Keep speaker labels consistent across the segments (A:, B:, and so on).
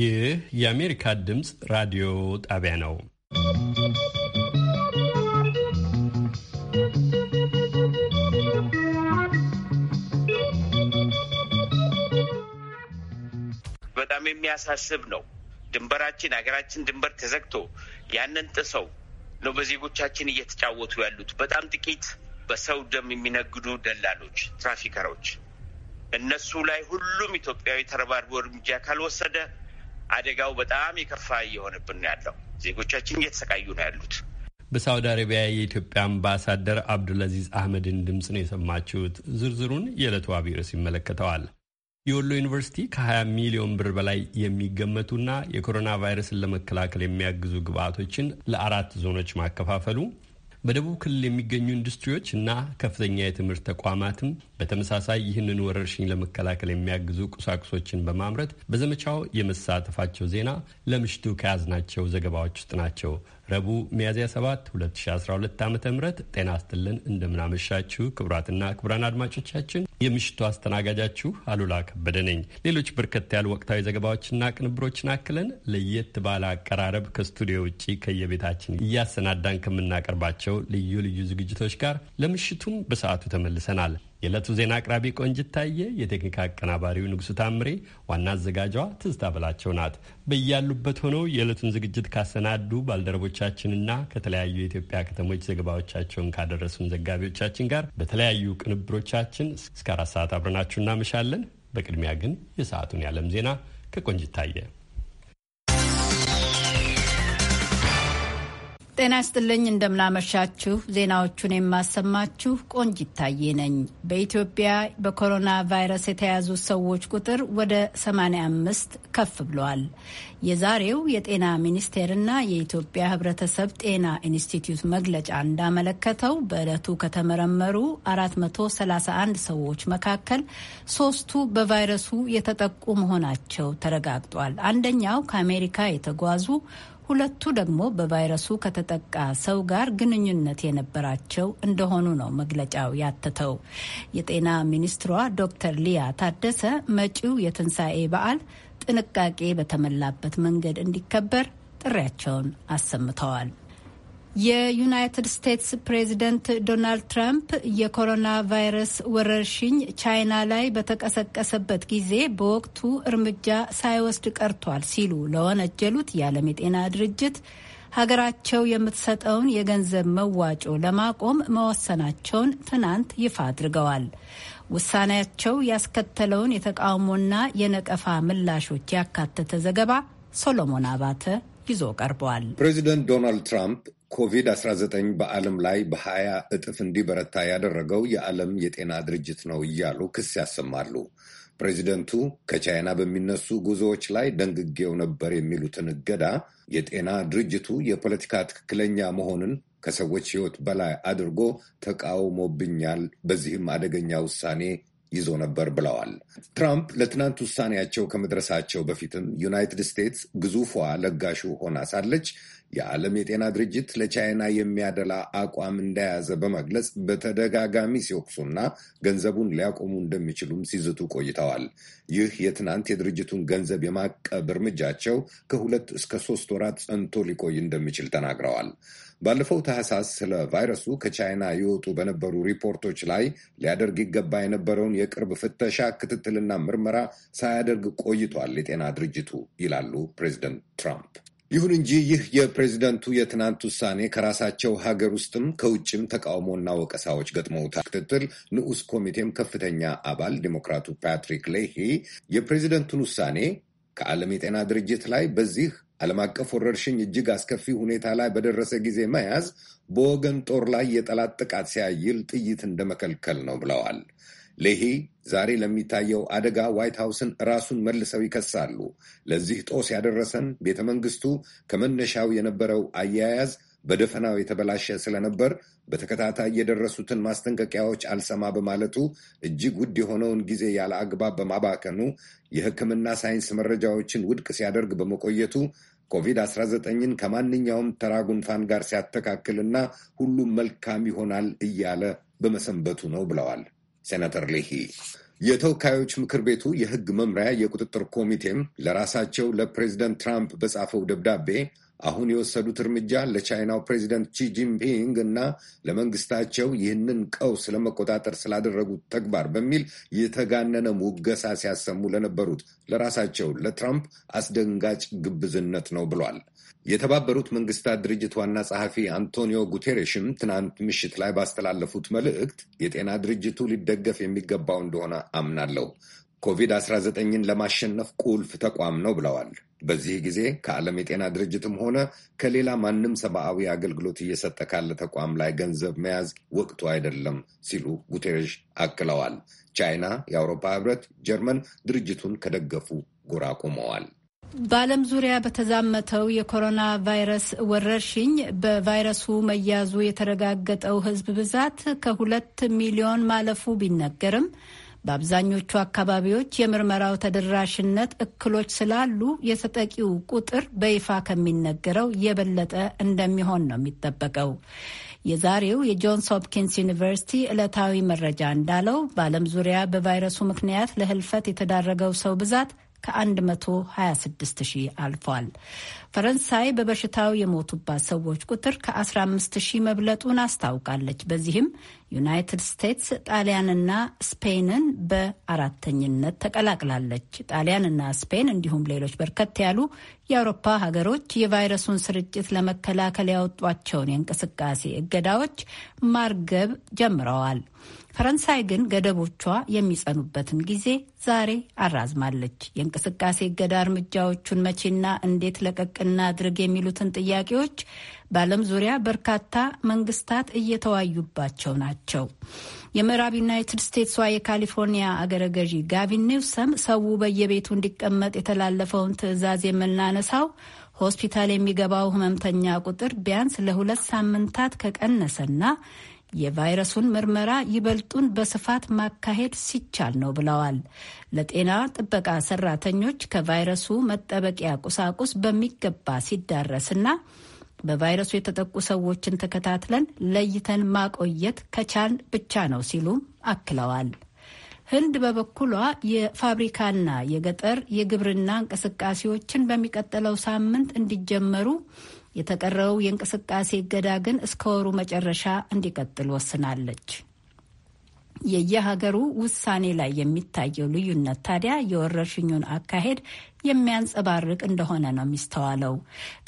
A: ይህ የአሜሪካ ድምፅ ራዲዮ ጣቢያ ነው።
B: በጣም የሚያሳስብ ነው። ድንበራችን ሀገራችን ድንበር ተዘግቶ ያንን ጥሰው ነው በዜጎቻችን እየተጫወቱ ያሉት። በጣም ጥቂት በሰው ደም የሚነግዱ ደላሎች፣ ትራፊከሮች እነሱ ላይ ሁሉም ኢትዮጵያዊ ተረባርቦ እርምጃ ካልወሰደ አደጋው በጣም የከፋ እየሆነብን ነው ያለው። ዜጎቻችን እየተሰቃዩ ነው ያሉት።
A: በሳውዲ አረቢያ የኢትዮጵያ አምባሳደር አብዱልአዚዝ አህመድን ድምፅ ነው የሰማችሁት። ዝርዝሩን የዕለቱ ቢሮስ ይመለከተዋል። የወሎ ዩኒቨርሲቲ ከ20 ሚሊዮን ብር በላይ የሚገመቱና የኮሮና ቫይረስን ለመከላከል የሚያግዙ ግብዓቶችን ለአራት ዞኖች ማከፋፈሉ በደቡብ ክልል የሚገኙ ኢንዱስትሪዎች እና ከፍተኛ የትምህርት ተቋማትም በተመሳሳይ ይህንን ወረርሽኝ ለመከላከል የሚያግዙ ቁሳቁሶችን በማምረት በዘመቻው የመሳተፋቸው ዜና ለምሽቱ ከያዝናቸው ዘገባዎች ውስጥ ናቸው። ረቡዕ ሚያዝያ 7 2012 ዓ ም ጤና ይስጥልን እንደምናመሻችሁ ክቡራትና ክቡራን አድማጮቻችን የምሽቱ አስተናጋጃችሁ አሉላ ከበደ ነኝ። ሌሎች በርከት ያሉ ወቅታዊ ዘገባዎችና ቅንብሮችን አክለን ለየት ባለ አቀራረብ ከስቱዲዮ ውጭ ከየቤታችን እያሰናዳን ከምናቀርባቸው ልዩ ልዩ ዝግጅቶች ጋር ለምሽቱም በሰዓቱ ተመልሰናል። የዕለቱ ዜና አቅራቢ ቆንጅት ታየ፣ የቴክኒክ አቀናባሪው ንጉሱ ታምሬ፣ ዋና አዘጋጇ ትዝታ በላቸው ናት። በያሉበት ሆነው የዕለቱን ዝግጅት ካሰናዱ ባልደረቦቻችንና ከተለያዩ የኢትዮጵያ ከተሞች ዘገባዎቻቸውን ካደረሱን ዘጋቢዎቻችን ጋር በተለያዩ ቅንብሮቻችን እስከ አራት ሰዓት አብረናችሁ እናመሻለን። በቅድሚያ ግን የሰዓቱን የዓለም ዜና ከቆንጅት ታየ
C: ጤና ይስጥልኝ እንደምናመሻችሁ። ዜናዎቹን የማሰማችሁ ቆንጅ ይታየ ነኝ። በኢትዮጵያ በኮሮና ቫይረስ የተያዙ ሰዎች ቁጥር ወደ 85 ከፍ ብሏል። የዛሬው የጤና ሚኒስቴርና የኢትዮጵያ ሕብረተሰብ ጤና ኢንስቲትዩት መግለጫ እንዳመለከተው በዕለቱ ከተመረመሩ 431 ሰዎች መካከል ሶስቱ በቫይረሱ የተጠቁ መሆናቸው ተረጋግጧል። አንደኛው ከአሜሪካ የተጓዙ ሁለቱ ደግሞ በቫይረሱ ከተጠቃ ሰው ጋር ግንኙነት የነበራቸው እንደሆኑ ነው መግለጫው ያተተው። የጤና ሚኒስትሯ ዶክተር ሊያ ታደሰ መጪው የትንሣኤ በዓል ጥንቃቄ በተሞላበት መንገድ እንዲከበር ጥሪያቸውን አሰምተዋል። የዩናይትድ ስቴትስ ፕሬዚደንት ዶናልድ ትራምፕ የኮሮና ቫይረስ ወረርሽኝ ቻይና ላይ በተቀሰቀሰበት ጊዜ በወቅቱ እርምጃ ሳይወስድ ቀርቷል ሲሉ ለወነጀሉት የዓለም የጤና ድርጅት ሀገራቸው የምትሰጠውን የገንዘብ መዋጮ ለማቆም መወሰናቸውን ትናንት ይፋ አድርገዋል። ውሳኔያቸው ያስከተለውን የተቃውሞና የነቀፋ ምላሾች ያካተተ ዘገባ ሶሎሞን አባተ ይዞ ቀርበዋል።
D: ፕሬዚደንት ዶናልድ ትራምፕ ኮቪድ-19 በዓለም ላይ በሀያ እጥፍ እንዲበረታ ያደረገው የዓለም የጤና ድርጅት ነው እያሉ ክስ ያሰማሉ። ፕሬዚደንቱ ከቻይና በሚነሱ ጉዞዎች ላይ ደንግጌው ነበር የሚሉትን እገዳ የጤና ድርጅቱ የፖለቲካ ትክክለኛ መሆንን ከሰዎች ሕይወት በላይ አድርጎ ተቃውሞብኛል፣ በዚህም አደገኛ ውሳኔ ይዞ ነበር ብለዋል። ትራምፕ ለትናንት ውሳኔያቸው ከመድረሳቸው በፊትም ዩናይትድ ስቴትስ ግዙፏ ለጋሹ ሆና ሳለች የዓለም የጤና ድርጅት ለቻይና የሚያደላ አቋም እንደያዘ በመግለጽ በተደጋጋሚ ሲወቅሱና ገንዘቡን ሊያቆሙ እንደሚችሉም ሲዝቱ ቆይተዋል። ይህ የትናንት የድርጅቱን ገንዘብ የማቀብ እርምጃቸው ከሁለት እስከ ሶስት ወራት ጸንቶ ሊቆይ እንደሚችል ተናግረዋል። ባለፈው ታህሳስ ስለ ቫይረሱ ከቻይና ይወጡ በነበሩ ሪፖርቶች ላይ ሊያደርግ ይገባ የነበረውን የቅርብ ፍተሻ፣ ክትትልና ምርመራ ሳያደርግ ቆይቷል የጤና ድርጅቱ ይላሉ ፕሬዚደንት ትራምፕ። ይሁን እንጂ ይህ የፕሬዚደንቱ የትናንት ውሳኔ ከራሳቸው ሀገር ውስጥም ከውጭም ተቃውሞና ወቀሳዎች ገጥመውታል። ክትትል ንዑስ ኮሚቴም ከፍተኛ አባል ዴሞክራቱ ፓትሪክ ሌሂ የፕሬዚደንቱን ውሳኔ ከዓለም የጤና ድርጅት ላይ በዚህ ዓለም አቀፍ ወረርሽኝ እጅግ አስከፊ ሁኔታ ላይ በደረሰ ጊዜ መያዝ በወገን ጦር ላይ የጠላት ጥቃት ሲያይል ጥይት እንደመከልከል ነው ብለዋል። ሌሂ ዛሬ ለሚታየው አደጋ ዋይት ሀውስን ራሱን መልሰው ይከሳሉ። ለዚህ ጦስ ያደረሰን ቤተ መንግስቱ ከመነሻው የነበረው አያያዝ በደፈናው የተበላሸ ስለነበር በተከታታይ የደረሱትን ማስጠንቀቂያዎች አልሰማ በማለቱ እጅግ ውድ የሆነውን ጊዜ ያለ አግባብ በማባከኑ የሕክምና ሳይንስ መረጃዎችን ውድቅ ሲያደርግ በመቆየቱ ኮቪድ-19ን ከማንኛውም ተራ ጉንፋን ጋር ሲያተካክልና ሁሉም መልካም ይሆናል እያለ በመሰንበቱ ነው ብለዋል። ሴናተር ሌሂ። የተወካዮች ምክር ቤቱ የህግ መምሪያ የቁጥጥር ኮሚቴም ለራሳቸው ለፕሬዚደንት ትራምፕ በጻፈው ደብዳቤ አሁን የወሰዱት እርምጃ ለቻይናው ፕሬዚደንት ቺጂንፒንግ ጂንፒንግ እና ለመንግስታቸው ይህንን ቀውስ ለመቆጣጠር ስላደረጉት ተግባር በሚል የተጋነነ ሙገሳ ሲያሰሙ ለነበሩት ለራሳቸው ለትራምፕ አስደንጋጭ ግብዝነት ነው ብሏል። የተባበሩት መንግስታት ድርጅት ዋና ጸሐፊ አንቶኒዮ ጉቴሬሽም ትናንት ምሽት ላይ ባስተላለፉት መልእክት የጤና ድርጅቱ ሊደገፍ የሚገባው እንደሆነ አምናለሁ፣ ኮቪድ-19ን ለማሸነፍ ቁልፍ ተቋም ነው ብለዋል። በዚህ ጊዜ ከዓለም የጤና ድርጅትም ሆነ ከሌላ ማንም ሰብአዊ አገልግሎት እየሰጠ ካለ ተቋም ላይ ገንዘብ መያዝ ወቅቱ አይደለም ሲሉ ጉቴሬሽ አክለዋል። ቻይና፣ የአውሮፓ ህብረት፣ ጀርመን ድርጅቱን ከደገፉ ጎራ ቆመዋል።
C: በዓለም ዙሪያ በተዛመተው የኮሮና ቫይረስ ወረርሽኝ በቫይረሱ መያዙ የተረጋገጠው ሕዝብ ብዛት ከሁለት ሚሊዮን ማለፉ ቢነገርም በአብዛኞቹ አካባቢዎች የምርመራው ተደራሽነት እክሎች ስላሉ የተጠቂው ቁጥር በይፋ ከሚነገረው የበለጠ እንደሚሆን ነው የሚጠበቀው። የዛሬው የጆንስ ሆፕኪንስ ዩኒቨርሲቲ ዕለታዊ መረጃ እንዳለው በዓለም ዙሪያ በቫይረሱ ምክንያት ለህልፈት የተዳረገው ሰው ብዛት ከ126 ሺህ አልፏል። ፈረንሳይ በበሽታው የሞቱባት ሰዎች ቁጥር ከ15 ሺህ መብለጡን አስታውቃለች። በዚህም ዩናይትድ ስቴትስ ጣሊያንና ስፔንን በአራተኝነት ተቀላቅላለች። ጣሊያንና ስፔን እንዲሁም ሌሎች በርከት ያሉ የአውሮፓ ሀገሮች የቫይረሱን ስርጭት ለመከላከል ያወጧቸውን የእንቅስቃሴ እገዳዎች ማርገብ ጀምረዋል። ፈረንሳይ ግን ገደቦቿ የሚጸኑበትን ጊዜ ዛሬ አራዝማለች። የእንቅስቃሴ እገዳ እርምጃዎቹን መቼና እንዴት ለቀቅና ድርግ የሚሉትን ጥያቄዎች በዓለም ዙሪያ በርካታ መንግስታት እየተዋዩባቸው ናቸው። የምዕራብ ዩናይትድ ስቴትስዋ የካሊፎርኒያ አገረ ገዢ ጋቪን ኒውሰም ሰው በየቤቱ እንዲቀመጥ የተላለፈውን ትዕዛዝ የምናነሳው ሆስፒታል የሚገባው ህመምተኛ ቁጥር ቢያንስ ለሁለት ሳምንታት ከቀነሰና የቫይረሱን ምርመራ ይበልጡን በስፋት ማካሄድ ሲቻል ነው ብለዋል። ለጤና ጥበቃ ሰራተኞች ከቫይረሱ መጠበቂያ ቁሳቁስ በሚገባ ሲዳረስና በቫይረሱ የተጠቁ ሰዎችን ተከታትለን ለይተን ማቆየት ከቻል ብቻ ነው ሲሉም አክለዋል። ህንድ በበኩሏ የፋብሪካና የገጠር የግብርና እንቅስቃሴዎችን በሚቀጥለው ሳምንት እንዲጀመሩ የተቀረው የእንቅስቃሴ እገዳ ግን እስከ ወሩ መጨረሻ እንዲቀጥል ወስናለች። የየሀገሩ ውሳኔ ላይ የሚታየው ልዩነት ታዲያ የወረርሽኙን አካሄድ የሚያንጸባርቅ እንደሆነ ነው የሚስተዋለው።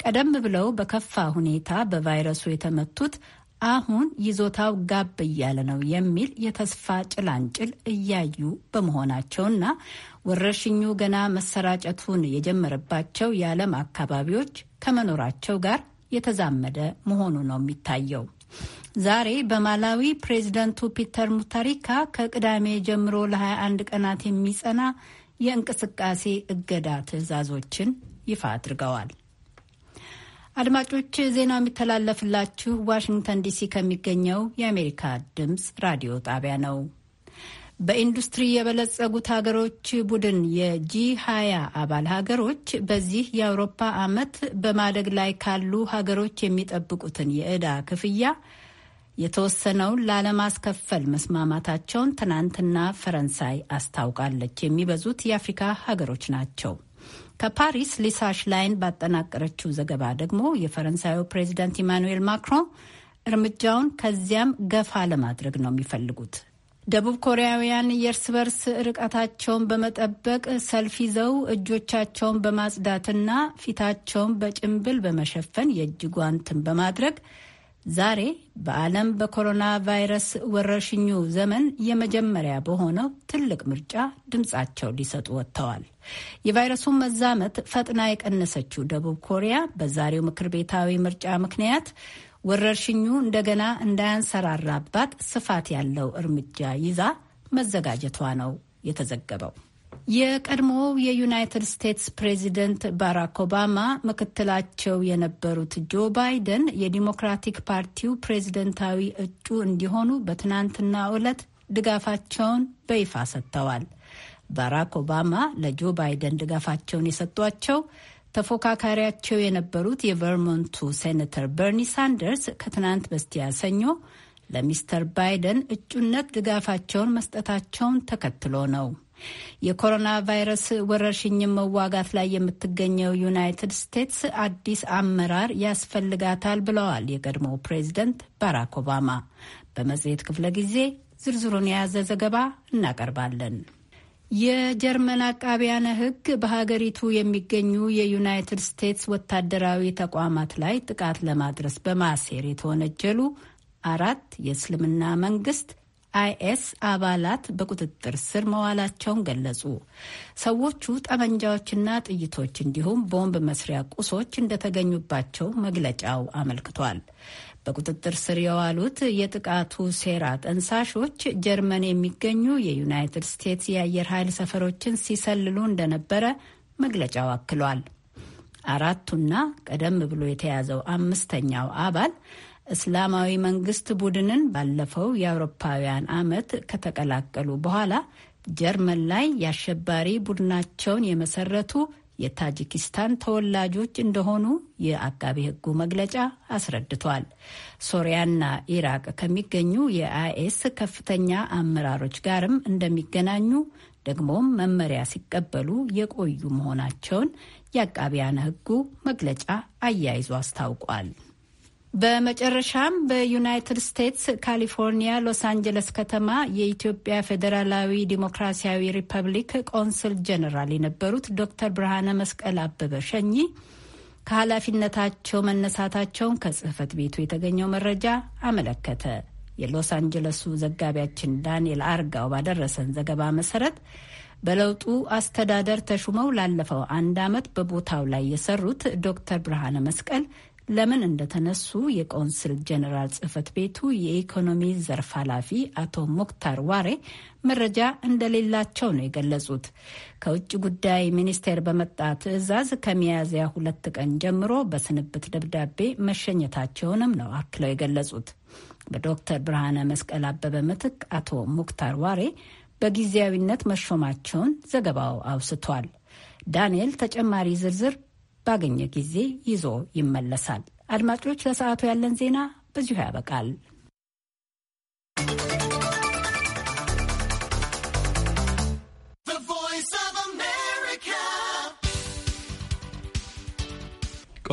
C: ቀደም ብለው በከፋ ሁኔታ በቫይረሱ የተመቱት አሁን ይዞታው ጋብ እያለ ነው የሚል የተስፋ ጭላንጭል እያዩ በመሆናቸውና ወረርሽኙ ገና መሰራጨቱን የጀመረባቸው የዓለም አካባቢዎች ከመኖራቸው ጋር የተዛመደ መሆኑ ነው የሚታየው። ዛሬ በማላዊ ፕሬዚደንቱ ፒተር ሙታሪካ ከቅዳሜ ጀምሮ ለ21 ቀናት የሚጸና የእንቅስቃሴ እገዳ ትዕዛዞችን ይፋ አድርገዋል። አድማጮች ዜናው የሚተላለፍላችሁ ዋሽንግተን ዲሲ ከሚገኘው የአሜሪካ ድምፅ ራዲዮ ጣቢያ ነው። በኢንዱስትሪ የበለጸጉት ሀገሮች ቡድን የጂ 20 አባል ሀገሮች በዚህ የአውሮፓ ዓመት በማደግ ላይ ካሉ ሀገሮች የሚጠብቁትን የዕዳ ክፍያ የተወሰነውን ላለማስከፈል መስማማታቸውን ትናንትና ፈረንሳይ አስታውቃለች። የሚበዙት የአፍሪካ ሀገሮች ናቸው። ከፓሪስ ሊሳሽ ላይን ባጠናቀረችው ዘገባ ደግሞ የፈረንሳዩ ፕሬዚዳንት ኢማኑኤል ማክሮን እርምጃውን ከዚያም ገፋ ለማድረግ ነው የሚፈልጉት። ደቡብ ኮሪያውያን የእርስ በርስ ርቀታቸውን በመጠበቅ ሰልፍ ይዘው እጆቻቸውን በማጽዳትና ፊታቸውን በጭንብል በመሸፈን የእጅ ጓንትን በማድረግ ዛሬ በዓለም በኮሮና ቫይረስ ወረርሽኙ ዘመን የመጀመሪያ በሆነው ትልቅ ምርጫ ድምጻቸው ሊሰጡ ወጥተዋል። የቫይረሱን መዛመት ፈጥና የቀነሰችው ደቡብ ኮሪያ በዛሬው ምክር ቤታዊ ምርጫ ምክንያት ወረርሽኙ እንደገና እንዳያንሰራራባት ስፋት ያለው እርምጃ ይዛ መዘጋጀቷ ነው የተዘገበው። የቀድሞው የዩናይትድ ስቴትስ ፕሬዚደንት ባራክ ኦባማ ምክትላቸው የነበሩት ጆ ባይደን የዲሞክራቲክ ፓርቲው ፕሬዚደንታዊ እጩ እንዲሆኑ በትናንትና ዕለት ድጋፋቸውን በይፋ ሰጥተዋል። ባራክ ኦባማ ለጆ ባይደን ድጋፋቸውን የሰጧቸው ተፎካካሪያቸው የነበሩት የቨርሞንቱ ሴኔተር በርኒ ሳንደርስ ከትናንት በስቲያ ሰኞ ለሚስተር ባይደን እጩነት ድጋፋቸውን መስጠታቸውን ተከትሎ ነው። የኮሮና ቫይረስ ወረርሽኝን መዋጋት ላይ የምትገኘው ዩናይትድ ስቴትስ አዲስ አመራር ያስፈልጋታል ብለዋል የቀድሞው ፕሬዝደንት ባራክ ኦባማ። በመጽሔት ክፍለ ጊዜ ዝርዝሩን የያዘ ዘገባ እናቀርባለን። የጀርመን አቃቢያነ ሕግ በሀገሪቱ የሚገኙ የዩናይትድ ስቴትስ ወታደራዊ ተቋማት ላይ ጥቃት ለማድረስ በማሴር የተወነጀሉ አራት የእስልምና መንግስት አይኤስ አባላት በቁጥጥር ስር መዋላቸውን ገለጹ። ሰዎቹ ጠመንጃዎችና ጥይቶች እንዲሁም ቦምብ መስሪያ ቁሶች እንደተገኙባቸው መግለጫው አመልክቷል። በቁጥጥር ስር የዋሉት የጥቃቱ ሴራ ጠንሳሾች ጀርመን የሚገኙ የዩናይትድ ስቴትስ የአየር ኃይል ሰፈሮችን ሲሰልሉ እንደነበረ መግለጫው አክሏል። አራቱና ቀደም ብሎ የተያዘው አምስተኛው አባል እስላማዊ መንግስት ቡድንን ባለፈው የአውሮፓውያን አመት ከተቀላቀሉ በኋላ ጀርመን ላይ የአሸባሪ ቡድናቸውን የመሰረቱ የታጂኪስታን ተወላጆች እንደሆኑ የአቃቤ ሕጉ መግለጫ አስረድቷል። ሶሪያና ኢራቅ ከሚገኙ የአይኤስ ከፍተኛ አመራሮች ጋርም እንደሚገናኙ ደግሞም መመሪያ ሲቀበሉ የቆዩ መሆናቸውን የአቃቢያነ ሕጉ መግለጫ አያይዞ አስታውቋል። በመጨረሻም በዩናይትድ ስቴትስ ካሊፎርኒያ ሎስ አንጀለስ ከተማ የኢትዮጵያ ፌዴራላዊ ዲሞክራሲያዊ ሪፐብሊክ ቆንስል ጀኔራል የነበሩት ዶክተር ብርሃነ መስቀል አበበ ሸኚ ከኃላፊነታቸው መነሳታቸውን ከጽህፈት ቤቱ የተገኘው መረጃ አመለከተ። የሎስ አንጀለሱ ዘጋቢያችን ዳንኤል አርጋው ባደረሰን ዘገባ መሰረት በለውጡ አስተዳደር ተሹመው ላለፈው አንድ ዓመት በቦታው ላይ የሰሩት ዶክተር ብርሃነ መስቀል ለምን እንደተነሱ የቆንስል ጀኔራል ጽህፈት ቤቱ የኢኮኖሚ ዘርፍ ኃላፊ አቶ ሙክታር ዋሬ መረጃ እንደሌላቸው ነው የገለጹት። ከውጭ ጉዳይ ሚኒስቴር በመጣ ትዕዛዝ ከሚያዝያ ሁለት ቀን ጀምሮ በስንብት ደብዳቤ መሸኘታቸውንም ነው አክለው የገለጹት። በዶክተር ብርሃነ መስቀል አበበ ምትክ አቶ ሙክታር ዋሬ በጊዜያዊነት መሾማቸውን ዘገባው አውስቷል። ዳንኤል ተጨማሪ ዝርዝር ባገኘ ጊዜ ይዞ ይመለሳል። አድማጮች፣ ለሰዓቱ ያለን ዜና በዚሁ ያበቃል።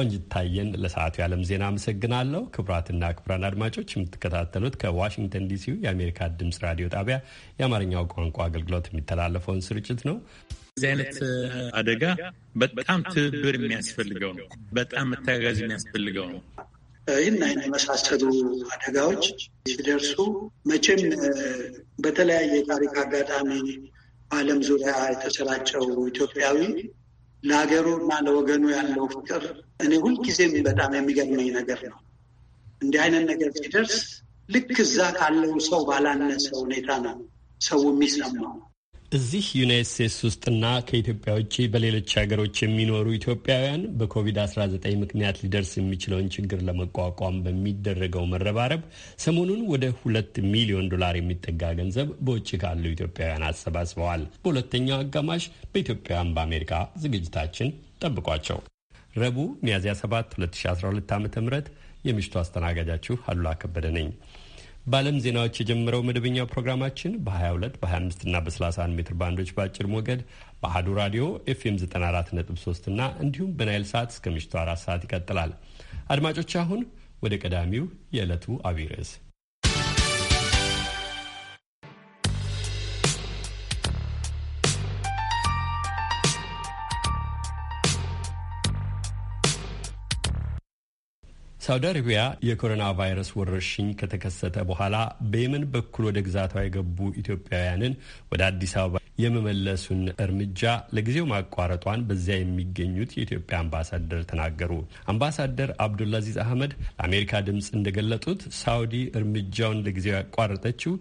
A: ቆንጅታየን ለሰዓቱ የዓለም ዜና አመሰግናለሁ። ክቡራትና ክቡራን አድማጮች የምትከታተሉት ከዋሽንግተን ዲሲው የአሜሪካ ድምፅ ራዲዮ ጣቢያ የአማርኛው ቋንቋ አገልግሎት የሚተላለፈውን ስርጭት ነው። እንደዚህ አይነት አደጋ በጣም ትብብር
E: የሚያስፈልገው ነው። በጣም መተጋገዝ የሚያስፈልገው ነው።
F: ይህን አይነት የመሳሰሉ አደጋዎች ሲደርሱ መቼም በተለያየ የታሪክ አጋጣሚ በዓለም ዙሪያ የተሰራጨው ኢትዮጵያዊ ለሀገሩ እና ለወገኑ ያለው ፍቅር እኔ ሁልጊዜም በጣም የሚገርመኝ ነገር ነው። እንዲህ አይነት ነገር ሲደርስ ልክ እዛ ካለው ሰው ባላነሰ ሁኔታ ነው ሰው የሚሰማው።
A: እዚህ ዩናይት ስቴትስ ውስጥና ከኢትዮጵያ ውጭ በሌሎች ሀገሮች የሚኖሩ ኢትዮጵያውያን በኮቪድ-19 ምክንያት ሊደርስ የሚችለውን ችግር ለመቋቋም በሚደረገው መረባረብ ሰሞኑን ወደ ሁለት ሚሊዮን ዶላር የሚጠጋ ገንዘብ በውጭ ካሉ ኢትዮጵያውያን አሰባስበዋል። በሁለተኛው አጋማሽ በኢትዮጵያውያን በአሜሪካ ዝግጅታችን ጠብቋቸው። ረቡዕ ሚያዝያ 7 2012 ዓ ም የምሽቱ አስተናጋጃችሁ አሉላ ከበደ ነኝ። በዓለም ዜናዎች የጀመረው መደበኛው ፕሮግራማችን በ22 በ25 እና በ31 ሜትር ባንዶች በአጭር ሞገድ በአህዱ ራዲዮ ኤፍኤም 94.3 እና እንዲሁም በናይል ሰዓት እስከ ምሽቱ አራት ሰዓት ይቀጥላል። አድማጮች አሁን ወደ ቀዳሚው የዕለቱ አብይ ርዕስ ሳውዲ አረቢያ የኮሮና ቫይረስ ወረርሽኝ ከተከሰተ በኋላ በየመን በኩል ወደ ግዛቷ የገቡ ኢትዮጵያውያንን ወደ አዲስ አበባ የመመለሱን እርምጃ ለጊዜው ማቋረጧን በዚያ የሚገኙት የኢትዮጵያ አምባሳደር ተናገሩ። አምባሳደር አብዱላዚዝ አህመድ ለአሜሪካ ድምፅ እንደገለጡት ሳውዲ እርምጃውን ለጊዜው ያቋረጠችው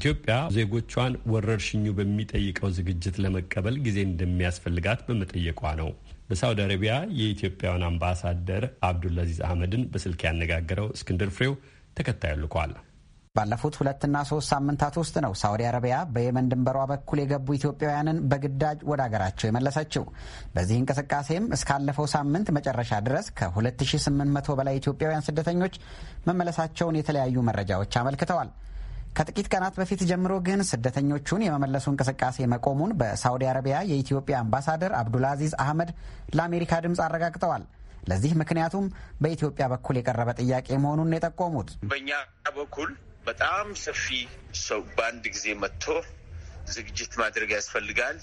A: ኢትዮጵያ ዜጎቿን ወረርሽኙ በሚጠይቀው ዝግጅት ለመቀበል ጊዜ እንደሚያስፈልጋት በመጠየቋ ነው። በሳውዲ አረቢያ የኢትዮጵያውን አምባሳደር አብዱልአዚዝ አህመድን በስልክ ያነጋገረው እስክንድር ፍሬው ተከታዩ ልኳል። ባለፉት ሁለትና
G: ሶስት ሳምንታት ውስጥ ነው ሳውዲ አረቢያ በየመን ድንበሯ በኩል የገቡ ኢትዮጵያውያንን በግዳጅ ወደ አገራቸው የመለሰችው። በዚህ እንቅስቃሴም እስካለፈው ሳምንት መጨረሻ ድረስ ከ2800 በላይ ኢትዮጵያውያን ስደተኞች መመለሳቸውን የተለያዩ መረጃዎች አመልክተዋል። ከጥቂት ቀናት በፊት ጀምሮ ግን ስደተኞቹን የመመለሱ እንቅስቃሴ መቆሙን በሳውዲ አረቢያ የኢትዮጵያ አምባሳደር አብዱልአዚዝ አህመድ ለአሜሪካ ድምፅ አረጋግጠዋል። ለዚህ ምክንያቱም በኢትዮጵያ በኩል የቀረበ ጥያቄ መሆኑን የጠቆሙት
B: በእኛ በኩል በጣም ሰፊ ሰው በአንድ ጊዜ መጥቶ ዝግጅት ማድረግ ያስፈልጋል።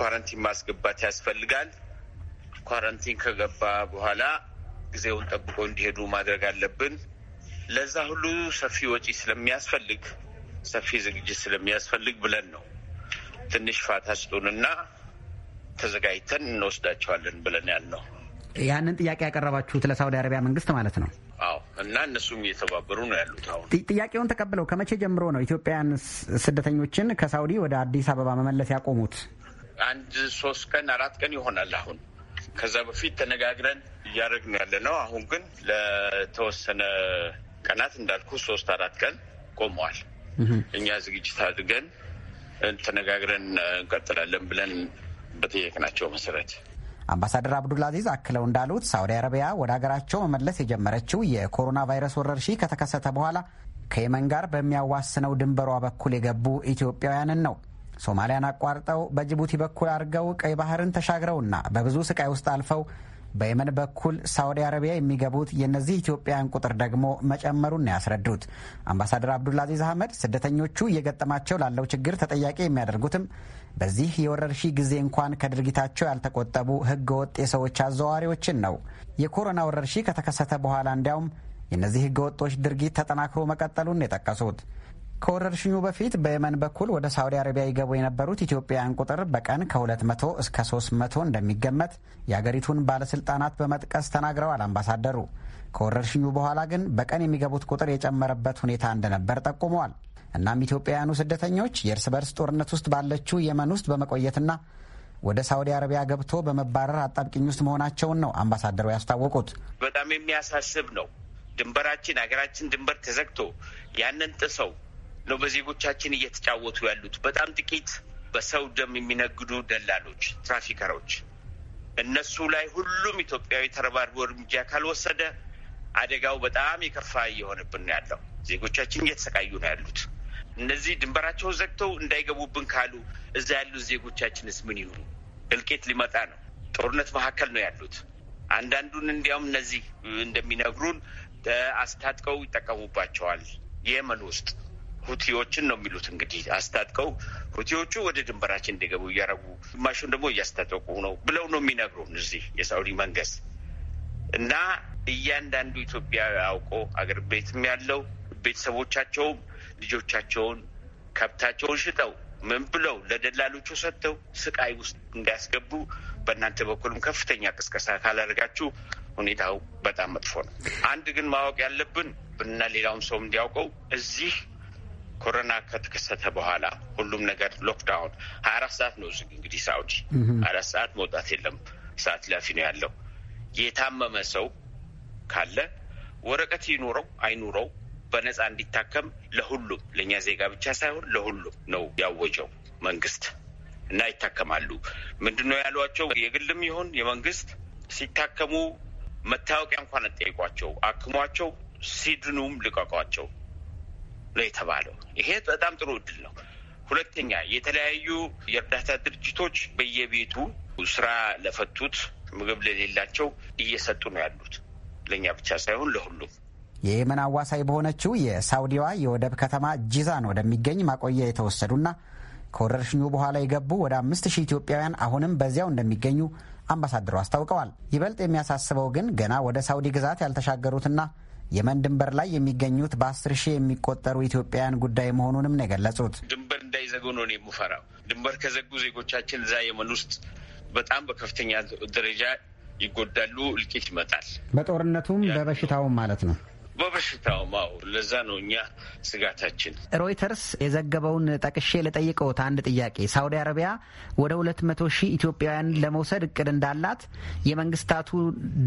B: ኳረንቲን ማስገባት ያስፈልጋል። ኳረንቲን ከገባ በኋላ ጊዜውን ጠብቆ እንዲሄዱ ማድረግ አለብን። ለዛ ሁሉ ሰፊ ወጪ ስለሚያስፈልግ ሰፊ ዝግጅት ስለሚያስፈልግ ብለን ነው ትንሽ ፋታ ስጡንና ተዘጋጅተን እንወስዳቸዋለን ብለን ያልነው።
G: ያንን ጥያቄ ያቀረባችሁት ለሳውዲ አረቢያ መንግስት ማለት ነው?
B: አዎ። እና እነሱም እየተባበሩ ነው ያሉት።
G: አሁን ጥያቄውን ተቀብለው ከመቼ ጀምሮ ነው ኢትዮጵያውያን ስደተኞችን ከሳውዲ ወደ አዲስ አበባ መመለስ ያቆሙት?
B: አንድ ሶስት ቀን አራት ቀን ይሆናል። አሁን ከዛ በፊት ተነጋግረን እያደረግን ያለ ነው። አሁን ግን ለተወሰነ ቀናት እንዳልኩ ሶስት አራት ቀን ቆመዋል። እኛ ዝግጅት አድርገን ተነጋግረን እንቀጥላለን ብለን በጠየቅናቸው መሰረት
G: አምባሳደር አብዱል አዚዝ አክለው እንዳሉት ሳውዲ አረቢያ ወደ ሀገራቸው መመለስ የጀመረችው የኮሮና ቫይረስ ወረርሽኝ ከተከሰተ በኋላ ከየመን ጋር በሚያዋስነው ድንበሯ በኩል የገቡ ኢትዮጵያውያንን ነው። ሶማሊያን አቋርጠው በጅቡቲ በኩል አድርገው ቀይ ባህርን ተሻግረውና በብዙ ስቃይ ውስጥ አልፈው በየመን በኩል ሳውዲ አረቢያ የሚገቡት የእነዚህ ኢትዮጵያውያን ቁጥር ደግሞ መጨመሩን ነው ያስረዱት። አምባሳደር አብዱልአዚዝ አህመድ ስደተኞቹ እየገጠማቸው ላለው ችግር ተጠያቂ የሚያደርጉትም በዚህ የወረርሺ ጊዜ እንኳን ከድርጊታቸው ያልተቆጠቡ ህገወጥ የሰዎች አዘዋዋሪዎችን ነው። የኮሮና ወረርሺ ከተከሰተ በኋላ እንዲያውም የእነዚህ ህገወጦች ድርጊት ተጠናክሮ መቀጠሉን የጠቀሱት ከወረርሽኙ በፊት በየመን በኩል ወደ ሳውዲ አረቢያ ይገቡ የነበሩት ኢትዮጵያውያን ቁጥር በቀን ከ200 እስከ 300 እንደሚገመት የአገሪቱን ባለስልጣናት በመጥቀስ ተናግረዋል አምባሳደሩ። ከወረርሽኙ በኋላ ግን በቀን የሚገቡት ቁጥር የጨመረበት ሁኔታ እንደነበር ጠቁመዋል። እናም ኢትዮጵያውያኑ ስደተኞች የእርስ በርስ ጦርነት ውስጥ ባለችው የመን ውስጥ በመቆየትና ወደ ሳውዲ አረቢያ ገብቶ በመባረር አጣብቂኝ ውስጥ መሆናቸውን ነው አምባሳደሩ ያስታወቁት።
C: በጣም
B: የሚያሳስብ ነው። ድንበራችን አገራችን ድንበር ተዘግቶ ያንን ጥሰው ነው በዜጎቻችን እየተጫወቱ ያሉት። በጣም ጥቂት በሰው ደም የሚነግዱ ደላሎች፣ ትራፊከሮች እነሱ ላይ ሁሉም ኢትዮጵያዊ ተረባርቦ እርምጃ ካልወሰደ አደጋው በጣም የከፋ እየሆነብን ነው ያለው። ዜጎቻችን እየተሰቃዩ ነው ያሉት። እነዚህ ድንበራቸው ዘግተው እንዳይገቡብን ካሉ እዛ ያሉት ዜጎቻችንስ ምን ይሁኑ? እልቂት ሊመጣ ነው። ጦርነት መካከል ነው ያሉት። አንዳንዱን እንዲያውም እነዚህ እንደሚነግሩን አስታጥቀው ይጠቀሙባቸዋል የመን ውስጥ ሁቲዎችን ነው የሚሉት እንግዲህ አስታጥቀው ሁቲዎቹ ወደ ድንበራችን እንዲገቡ እያረጉ ግማሹን ደግሞ እያስታጠቁ ነው ብለው ነው የሚነግሩን እዚህ የሳዑዲ መንግስት እና እያንዳንዱ ኢትዮጵያዊ አውቆ አገር ቤትም ያለው ቤተሰቦቻቸውም ልጆቻቸውን ከብታቸውን ሽጠው ምን ብለው ለደላሎቹ ሰጥተው ስቃይ ውስጥ እንዳያስገቡ በእናንተ በኩልም ከፍተኛ ቅስቀሳ ካላደርጋችሁ ሁኔታው በጣም መጥፎ ነው። አንድ ግን ማወቅ ያለብን እና ሌላውም ሰው እንዲያውቀው እዚህ ኮሮና ከተከሰተ በኋላ ሁሉም ነገር ሎክዳውን ሀያ አራት ሰዓት ነው እንግዲህ ሳውዲ አራት ሰዓት መውጣት የለም ሰዓት ላፊ ነው ያለው። የታመመ ሰው ካለ ወረቀት ይኑረው አይኑረው በነፃ እንዲታከም ለሁሉም ለእኛ ዜጋ ብቻ ሳይሆን ለሁሉም ነው ያወጀው መንግስት እና ይታከማሉ። ምንድን ነው ያሏቸው? የግልም ይሁን የመንግስት ሲታከሙ መታወቂያ እንኳን አጠይቋቸው፣ አክሟቸው፣ ሲድኑም ልቀቋቸው። ነው የተባለው። ይሄ በጣም ጥሩ እድል ነው። ሁለተኛ የተለያዩ የእርዳታ ድርጅቶች በየቤቱ ስራ ለፈቱት፣ ምግብ ለሌላቸው እየሰጡ ነው ያሉት። ለእኛ
C: ብቻ ሳይሆን ለሁሉም።
G: የየመን አዋሳኝ በሆነችው የሳውዲዋ የወደብ ከተማ ጂዛን ወደሚገኝ ማቆያ የተወሰዱና ከወረርሽኙ በኋላ የገቡ ወደ አምስት ሺህ ኢትዮጵያውያን አሁንም በዚያው እንደሚገኙ አምባሳደሩ አስታውቀዋል። ይበልጥ የሚያሳስበው ግን ገና ወደ ሳውዲ ግዛት ያልተሻገሩትና የመን ድንበር ላይ የሚገኙት በአስር ሺህ የሚቆጠሩ ኢትዮጵያውያን ጉዳይ መሆኑንም ነው የገለጹት።
B: ድንበር እንዳይዘጉ ነው እኔ የምፈራው። ድንበር ከዘጉ ዜጎቻችን እዛ የመን ውስጥ በጣም በከፍተኛ ደረጃ ይጎዳሉ። እልቂት ይመጣል።
G: በጦርነቱም በበሽታውም ማለት ነው በበሽታው ማው ለዛ ነው እኛ ስጋታችን። ሮይተርስ የዘገበውን ጠቅሼ ለጠይቀውት አንድ ጥያቄ ሳውዲ አረቢያ ወደ ሁለት መቶ ሺህ ኢትዮጵያውያን ለመውሰድ እቅድ እንዳላት የመንግስታቱ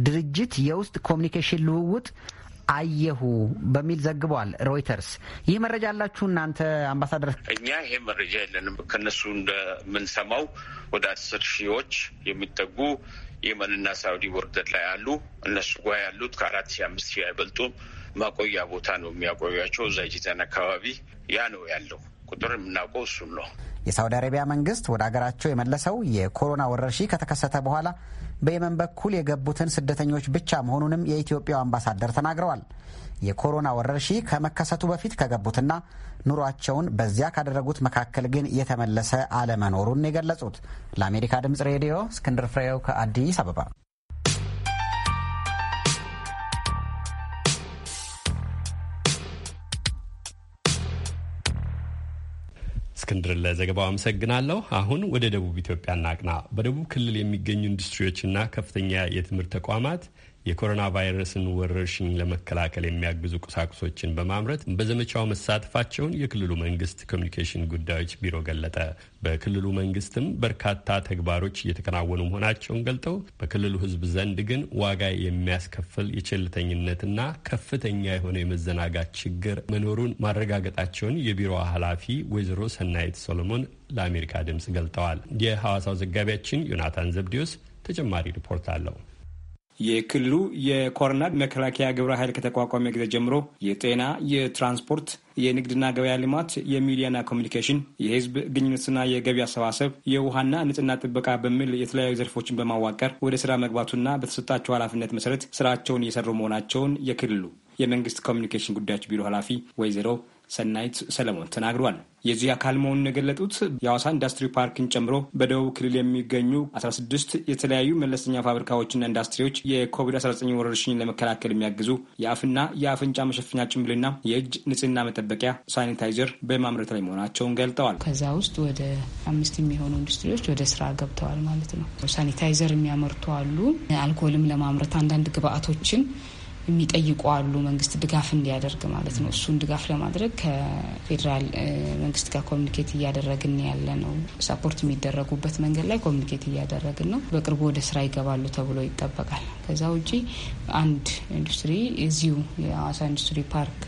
G: ድርጅት የውስጥ ኮሚኒኬሽን ልውውጥ አየሁ በሚል ዘግቧል ሮይተርስ። ይህ መረጃ አላችሁ እናንተ አምባሳደር?
B: እኛ ይሄ መረጃ የለንም። ከነሱ እንደምንሰማው ወደ አስር ሺዎች የሚጠጉ የመንና ሳውዲ ቦርደር ላይ አሉ። እነሱ ጓ ያሉት ከአራት ሺ አምስት ሺ አይበልጡም። ማቆያ ቦታ ነው የሚያቆያቸው እዛ ጂዘን አካባቢ። ያ ነው ያለው ቁጥር የምናውቀው እሱን ነው።
G: የሳውዲ አረቢያ መንግስት ወደ ሀገራቸው የመለሰው የኮሮና ወረርሺ ከተከሰተ በኋላ በየመን በኩል የገቡትን ስደተኞች ብቻ መሆኑንም የኢትዮጵያው አምባሳደር ተናግረዋል። የኮሮና ወረርሽኝ ከመከሰቱ በፊት ከገቡትና ኑሯቸውን በዚያ ካደረጉት መካከል ግን የተመለሰ አለመኖሩን የገለጹት ለአሜሪካ ድምጽ ሬዲዮ እስክንድር ፍሬው ከአዲስ አበባ
A: እስክንድር ለዘገባው አመሰግናለሁ። አሁን ወደ ደቡብ ኢትዮጵያ እናቅና። በደቡብ ክልል የሚገኙ ኢንዱስትሪዎችና ከፍተኛ የትምህርት ተቋማት የኮሮና ቫይረስን ወረርሽኝ ለመከላከል የሚያግዙ ቁሳቁሶችን በማምረት በዘመቻው መሳተፋቸውን የክልሉ መንግስት ኮሚኒኬሽን ጉዳዮች ቢሮ ገለጠ። በክልሉ መንግስትም በርካታ ተግባሮች እየተከናወኑ መሆናቸውን ገልጠው በክልሉ ሕዝብ ዘንድ ግን ዋጋ የሚያስከፍል የቸልተኝነትና ከፍተኛ የሆነ የመዘናጋት ችግር መኖሩን ማረጋገጣቸውን የቢሮ ኃላፊ ወይዘሮ ሰናይት ሶሎሞን ለአሜሪካ ድምፅ ገልጠዋል። የሐዋሳው ዘጋቢያችን ዮናታን ዘብዲዮስ ተጨማሪ ሪፖርት አለው።
H: የክልሉ የኮሮና መከላከያ ግብረ ኃይል ከተቋቋመ ጊዜ ጀምሮ የጤና፣ የትራንስፖርት፣ የንግድና ገበያ ልማት፣ የሚዲያና ኮሚኒኬሽን፣ የህዝብ ግንኙነትና የገቢ አሰባሰብ፣ የውሃና ንጽህና ጥበቃ በሚል የተለያዩ ዘርፎችን በማዋቀር ወደ ስራ መግባቱና በተሰጣቸው ኃላፊነት መሰረት ስራቸውን እየሰሩ መሆናቸውን የክልሉ የመንግስት ኮሚኒኬሽን ጉዳዮች ቢሮ ኃላፊ ወይዘሮ ሰናይት ሰለሞን ተናግሯል። የዚህ አካል መሆኑን የገለጡት የአዋሳ ኢንዱስትሪ ፓርክን ጨምሮ በደቡብ ክልል የሚገኙ 16 የተለያዩ መለስተኛ ፋብሪካዎችና ኢንዱስትሪዎች የኮቪድ-19 ወረርሽኝን ለመከላከል የሚያግዙ የአፍና የአፍንጫ መሸፈኛ ጭምብልና የእጅ ንጽህና መጠበቂያ ሳኒታይዘር በማምረት ላይ መሆናቸውን ገልጠዋል።
I: ከዛ ውስጥ ወደ አምስት የሚሆኑ ኢንዱስትሪዎች ወደ ስራ ገብተዋል ማለት ነው። ሳኒታይዘር የሚያመርቱ አሉ። አልኮልም ለማምረት አንዳንድ ግብአቶችን የሚጠይቁ አሉ። መንግስት ድጋፍ እንዲያደርግ ማለት ነው። እሱን ድጋፍ ለማድረግ ከፌዴራል መንግስት ጋር ኮሚኒኬት እያደረግን ያለ ነው። ሰፖርት የሚደረጉበት መንገድ ላይ ኮሚኒኬት እያደረግን ነው። በቅርቡ ወደ ስራ ይገባሉ ተብሎ ይጠበቃል። ከዛ ውጪ አንድ ኢንዱስትሪ እዚሁ የአዋሳ ኢንዱስትሪ ፓርክ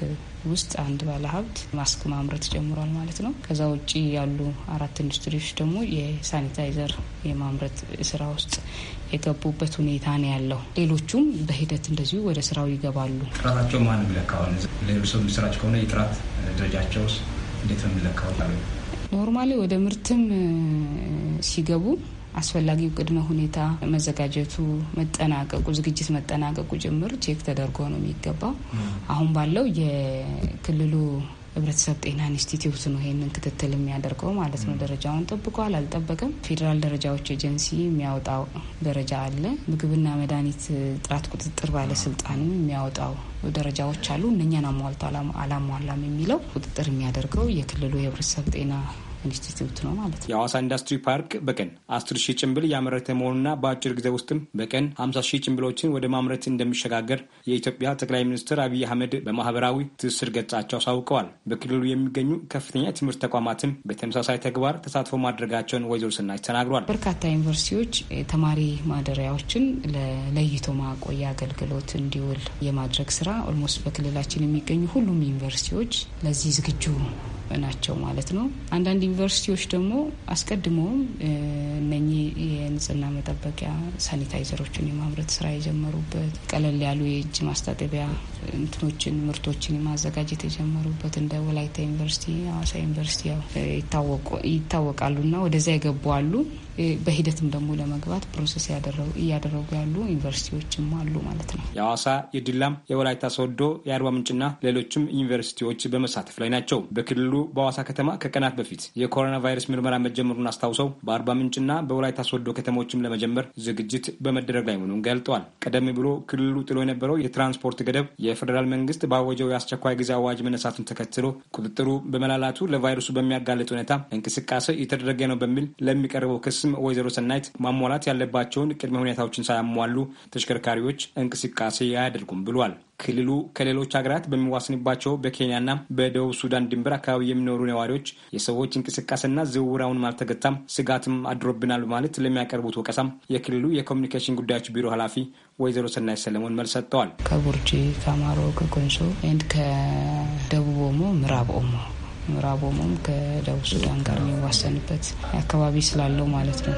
I: ውስጥ አንድ ባለሀብት ማስክ ማምረት ጀምሯል ማለት ነው። ከዛ ውጭ ያሉ አራት ኢንዱስትሪዎች ደግሞ የሳኒታይዘር የማምረት ስራ ውስጥ የገቡበት ሁኔታ ነው ያለው። ሌሎቹም በሂደት እንደዚሁ ወደ ስራው ይገባሉ።
H: ጥራታቸው ማን ይለካዋል? ሌሎች ሰው የሚሰራቸው ከሆነ የጥራት ደረጃቸውስ እንዴት ነው የሚለካው?
I: ኖርማሊ ወደ ምርትም ሲገቡ አስፈላጊው ቅድመ ሁኔታ መዘጋጀቱ መጠናቀቁ ዝግጅት መጠናቀቁ ጭምር ቼክ ተደርጎ ነው የሚገባው። አሁን ባለው የክልሉ ህብረተሰብ ጤና ኢንስቲትዩት ነው ክትትል የሚያደርገው ማለት ነው። ደረጃውን ጠብቋል አልጠበቀም፣ ፌዴራል ደረጃዎች ኤጀንሲ የሚያወጣው ደረጃ አለ። ምግብና መድኃኒት ጥራት ቁጥጥር ባለስልጣን የሚያወጣው ደረጃዎች አሉ። እነኛን አሟልቷል አላሟላም የሚለው ቁጥጥር የሚያደርገው የክልሉ የህብረተሰብ ጤና ኢንስቲትዩት ነው ማለት
H: ነው። የአዋሳ ኢንዱስትሪ ፓርክ በቀን አስር ሺህ ጭንብል እያመረተ መሆኑና በአጭር ጊዜ ውስጥም በቀን ሀምሳ ሺህ ጭንብሎችን ወደ ማምረት እንደሚሸጋገር የኢትዮጵያ ጠቅላይ ሚኒስትር አብይ አህመድ በማህበራዊ ትስስር ገጻቸው አሳውቀዋል። በክልሉ የሚገኙ ከፍተኛ የትምህርት ተቋማትም በተመሳሳይ ተግባር ተሳትፎ ማድረጋቸውን ወይዘሮ ስናች ተናግሯል።
I: በርካታ ዩኒቨርሲቲዎች የተማሪ ማደሪያዎችን ለለይቶ ማቆያ አገልግሎት እንዲውል የማድረግ ስራ ኦልሞስት በክልላችን የሚገኙ ሁሉም ዩኒቨርሲቲዎች ለዚህ ዝግጁ ናቸው ማለት ነው። አንዳንድ ዩኒቨርሲቲዎች ደግሞ አስቀድመውም እነኚህ የንጽህና መጠበቂያ ሳኒታይዘሮችን የማምረት ስራ የጀመሩበት ቀለል ያሉ የእጅ ማስታጠቢያ እንትኖችን ምርቶችን የማዘጋጀት የጀመሩበት እንደ ወላይታ ዩኒቨርሲቲ፣ ሀዋሳ ዩኒቨርሲቲ ያው ይታወቃሉና ወደዚያ የገቡ አሉ። በሂደትም ደግሞ ለመግባት ፕሮሰስ እያደረጉ ያሉ ዩኒቨርሲቲዎችም አሉ ማለት ነው።
H: የአዋሳ፣ የድላም፣ የወላይታ ሶዶ፣ የአርባ ምንጭና ሌሎችም ዩኒቨርሲቲዎች በመሳተፍ ላይ ናቸው። በክልሉ በአዋሳ ከተማ ከቀናት በፊት የኮሮና ቫይረስ ምርመራ መጀመሩን አስታውሰው በአርባ ምንጭና በወላይታ ሶዶ ከተሞችም ለመጀመር ዝግጅት በመደረግ ላይ መሆኑን ገልጠዋል። ቀደም ብሎ ክልሉ ጥሎ የነበረው የትራንስፖርት ገደብ የፌዴራል መንግስት ባወጀው የአስቸኳይ ጊዜ አዋጅ መነሳቱን ተከትሎ ቁጥጥሩ በመላላቱ ለቫይረሱ በሚያጋልጥ ሁኔታ እንቅስቃሴ የተደረገ ነው በሚል ለሚቀርበው ክስ ስም ወይዘሮ ሰናይት ማሟላት ያለባቸውን ቅድመ ሁኔታዎችን ሳያሟሉ ተሽከርካሪዎች እንቅስቃሴ አያደርጉም ብሏል። ክልሉ ከሌሎች ሀገራት በሚዋስንባቸው በኬንያና በደቡብ ሱዳን ድንበር አካባቢ የሚኖሩ ነዋሪዎች የሰዎች እንቅስቃሴና ዝውውራውን ማልተገታም ስጋትም አድሮብናል በማለት ለሚያቀርቡት ወቀሳም የክልሉ የኮሚኒኬሽን ጉዳዮች ቢሮ ኃላፊ ወይዘሮ ሰናይ ሰለሞን መልስ ሰጥተዋል።
I: ከቡርጂ ከማሮ፣ ከኮንሶ ኤንድ ከደቡብ ኦሞ ምዕራብ ኦሞ ምዕራብ ኦሞም ከደቡብ ሱዳን ጋር የሚዋሰንበት አካባቢ ስላለው ማለት ነው።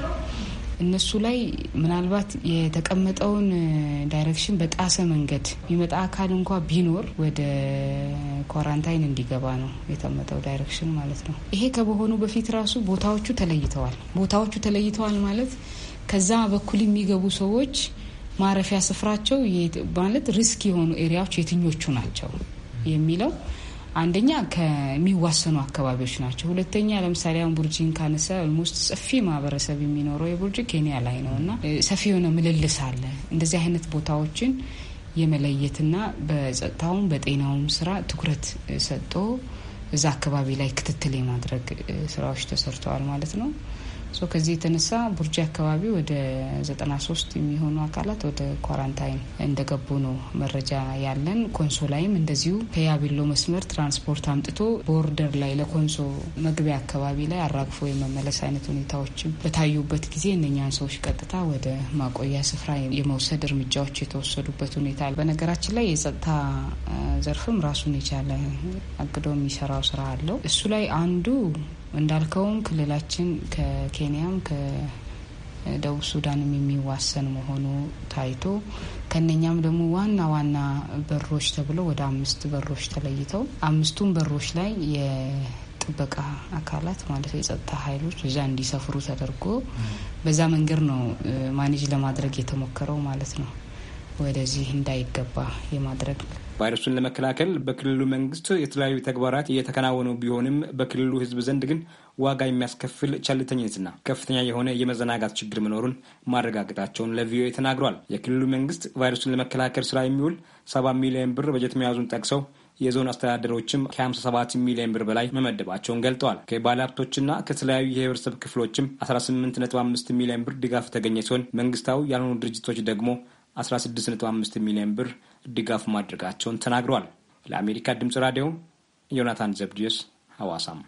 I: እነሱ ላይ ምናልባት የተቀመጠውን ዳይሬክሽን በጣሰ መንገድ የሚመጣ አካል እንኳ ቢኖር ወደ ኳራንታይን እንዲገባ ነው የተቀመጠው ዳይሬክሽን ማለት ነው። ይሄ ከመሆኑ በፊት ራሱ ቦታዎቹ ተለይተዋል። ቦታዎቹ ተለይተዋል ማለት ከዛ በኩል የሚገቡ ሰዎች ማረፊያ ስፍራቸው ማለት ሪስክ የሆኑ ኤሪያዎች የትኞቹ ናቸው የሚለው አንደኛ ከሚዋሰኑ አካባቢዎች ናቸው። ሁለተኛ ለምሳሌ አሁን ቡርጂን ካነሳ ኦልሞስት ሰፊ ማህበረሰብ የሚኖረው የቡርጂ ኬንያ ላይ ነው እና ሰፊ የሆነ ምልልስ አለ። እንደዚህ አይነት ቦታዎችን የመለየትና በጸጥታውም በጤናውም ስራ ትኩረት ሰጥቶ እዛ አካባቢ ላይ ክትትል የማድረግ ስራዎች ተሰርተዋል ማለት ነው። ከዚህ የተነሳ ቡርጂ አካባቢ ወደ 93 የሚሆኑ አካላት ወደ ኳራንታይን እንደገቡ ነው መረጃ ያለን። ኮንሶ ላይም እንደዚሁ ከያቤሎ መስመር ትራንስፖርት አምጥቶ ቦርደር ላይ ለኮንሶ መግቢያ አካባቢ ላይ አራግፎ የመመለስ አይነት ሁኔታዎችም በታዩበት ጊዜ እነኛን ሰዎች ቀጥታ ወደ ማቆያ ስፍራ የመውሰድ እርምጃዎች የተወሰዱበት ሁኔታ። በነገራችን ላይ የጸጥታ ዘርፍም ራሱን የቻለ አግዶ የሚሰራው ስራ አለው። እሱ ላይ አንዱ እንዳልከውም ክልላችን ከኬንያም ከደቡብ ሱዳንም የሚዋሰን መሆኑ ታይቶ ከነኛም ደግሞ ዋና ዋና በሮች ተብሎ ወደ አምስት በሮች ተለይተው አምስቱም በሮች ላይ የጥበቃ አካላት ማለት የጸጥታ ኃይሎች እዛ እንዲሰፍሩ ተደርጎ በዛ መንገድ ነው ማኔጅ ለማድረግ የተሞከረው ማለት ነው። ወደዚህ እንዳይገባ የማድረግ
H: ቫይረሱን ለመከላከል በክልሉ መንግስት የተለያዩ ተግባራት እየተከናወኑ ቢሆንም በክልሉ ህዝብ ዘንድ ግን ዋጋ የሚያስከፍል ቸልተኝነትና ከፍተኛ የሆነ የመዘናጋት ችግር መኖሩን ማረጋገጣቸውን ለቪኦኤ ተናግሯል። የክልሉ መንግስት ቫይረሱን ለመከላከል ስራ የሚውል ሰባ ሚሊዮን ብር በጀት መያዙን ጠቅሰው የዞን አስተዳደሮችም ከ57 ሚሊዮን ብር በላይ መመደባቸውን ገልጠዋል። ከባለ ከተለያዩ የህብረተሰብ ክፍሎችም 18.5 ሚሊዮን ብር ድጋፍ የተገኘ ሲሆን መንግስታዊ ያልሆኑ ድርጅቶች ደግሞ 16.5 ሚሊዮን ብር ድጋፍ ማድረጋቸውን ተናግሯል። ለአሜሪካ ድምፅ ራዲዮ ዮናታን ዘብዲዮስ ሐዋሳም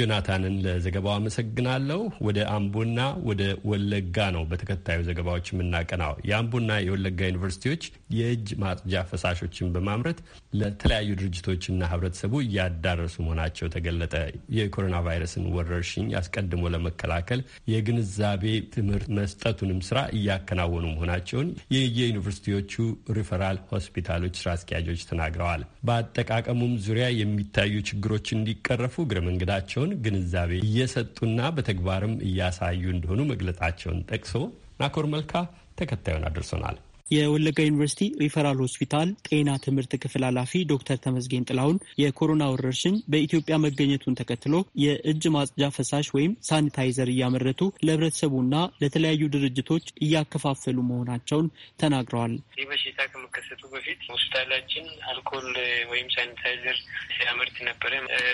A: ዮናታንን ለዘገባው አመሰግናለሁ። ወደ አምቦና ወደ ወለጋ ነው በተከታዩ ዘገባዎች የምናቀናው። የአምቦና የወለጋ ዩኒቨርሲቲዎች የእጅ ማጽጃ ፈሳሾችን በማምረት ለተለያዩ ድርጅቶችና ህብረተሰቡ እያዳረሱ መሆናቸው ተገለጠ። የኮሮና ቫይረስን ወረርሽኝ አስቀድሞ ለመከላከል የግንዛቤ ትምህርት መስጠቱንም ስራ እያከናወኑ መሆናቸውን የየዩኒቨርሲቲዎቹ ሪፈራል ሆስፒታሎች ስራ አስኪያጆች ተናግረዋል። በአጠቃቀሙም ዙሪያ የሚታዩ ችግሮች እንዲቀረፉ እግረ መንገዳቸውን ያላቸውን ግንዛቤ እየሰጡና በተግባርም እያሳዩ እንደሆኑ መግለጻቸውን ጠቅሶ ናኮር መልካ ተከታዩን አድርሶናል።
J: የወለጋ ዩኒቨርሲቲ ሪፈራል ሆስፒታል ጤና ትምህርት ክፍል ኃላፊ ዶክተር ተመስገን ጥላሁን የኮሮና ወረርሽኝ በኢትዮጵያ መገኘቱን ተከትሎ የእጅ ማጽጃ ፈሳሽ ወይም ሳኒታይዘር እያመረቱ ለህብረተሰቡና ለተለያዩ ድርጅቶች እያከፋፈሉ መሆናቸውን ተናግረዋል።
K: ይህ በሽታ ከመከሰቱ በፊት ሆስፒታላችን አልኮል ወይም ሳኒታይዘር ሲያመርት ነበረ።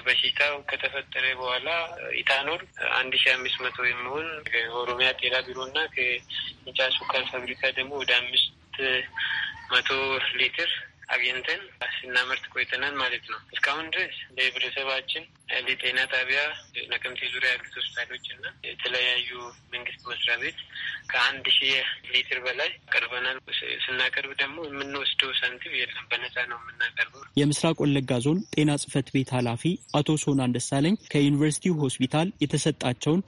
K: በሽታው ከተፈጠረ በኋላ ኢታኖል አንድ ሺ አምስት መቶ የሚሆን ከኦሮሚያ ጤና ቢሮና ከኢንቻ ሱካር ፋብሪካ ደግሞ ወደ አምስት መቶ ሊትር አግኝተን ስናመርት ቆይተናል ማለት ነው። እስካሁን ድረስ ለህብረተሰባችን ለጤና ጣቢያ ነቀምቴ ዙሪያ ያሉት ሆስፒታሎች እና የተለያዩ መንግስት መስሪያ ቤት ከአንድ ሺህ ሊትር በላይ ቀርበናል። ስናቀርብ ደግሞ የምንወስደው ሳንቲም የለም፣ በነፃ ነው የምናቀርበው።
J: የምስራቅ ወለጋ ዞን ጤና ጽህፈት ቤት ኃላፊ አቶ ሶናን ደሳለኝ ከዩኒቨርሲቲው ሆስፒታል የተሰጣቸውን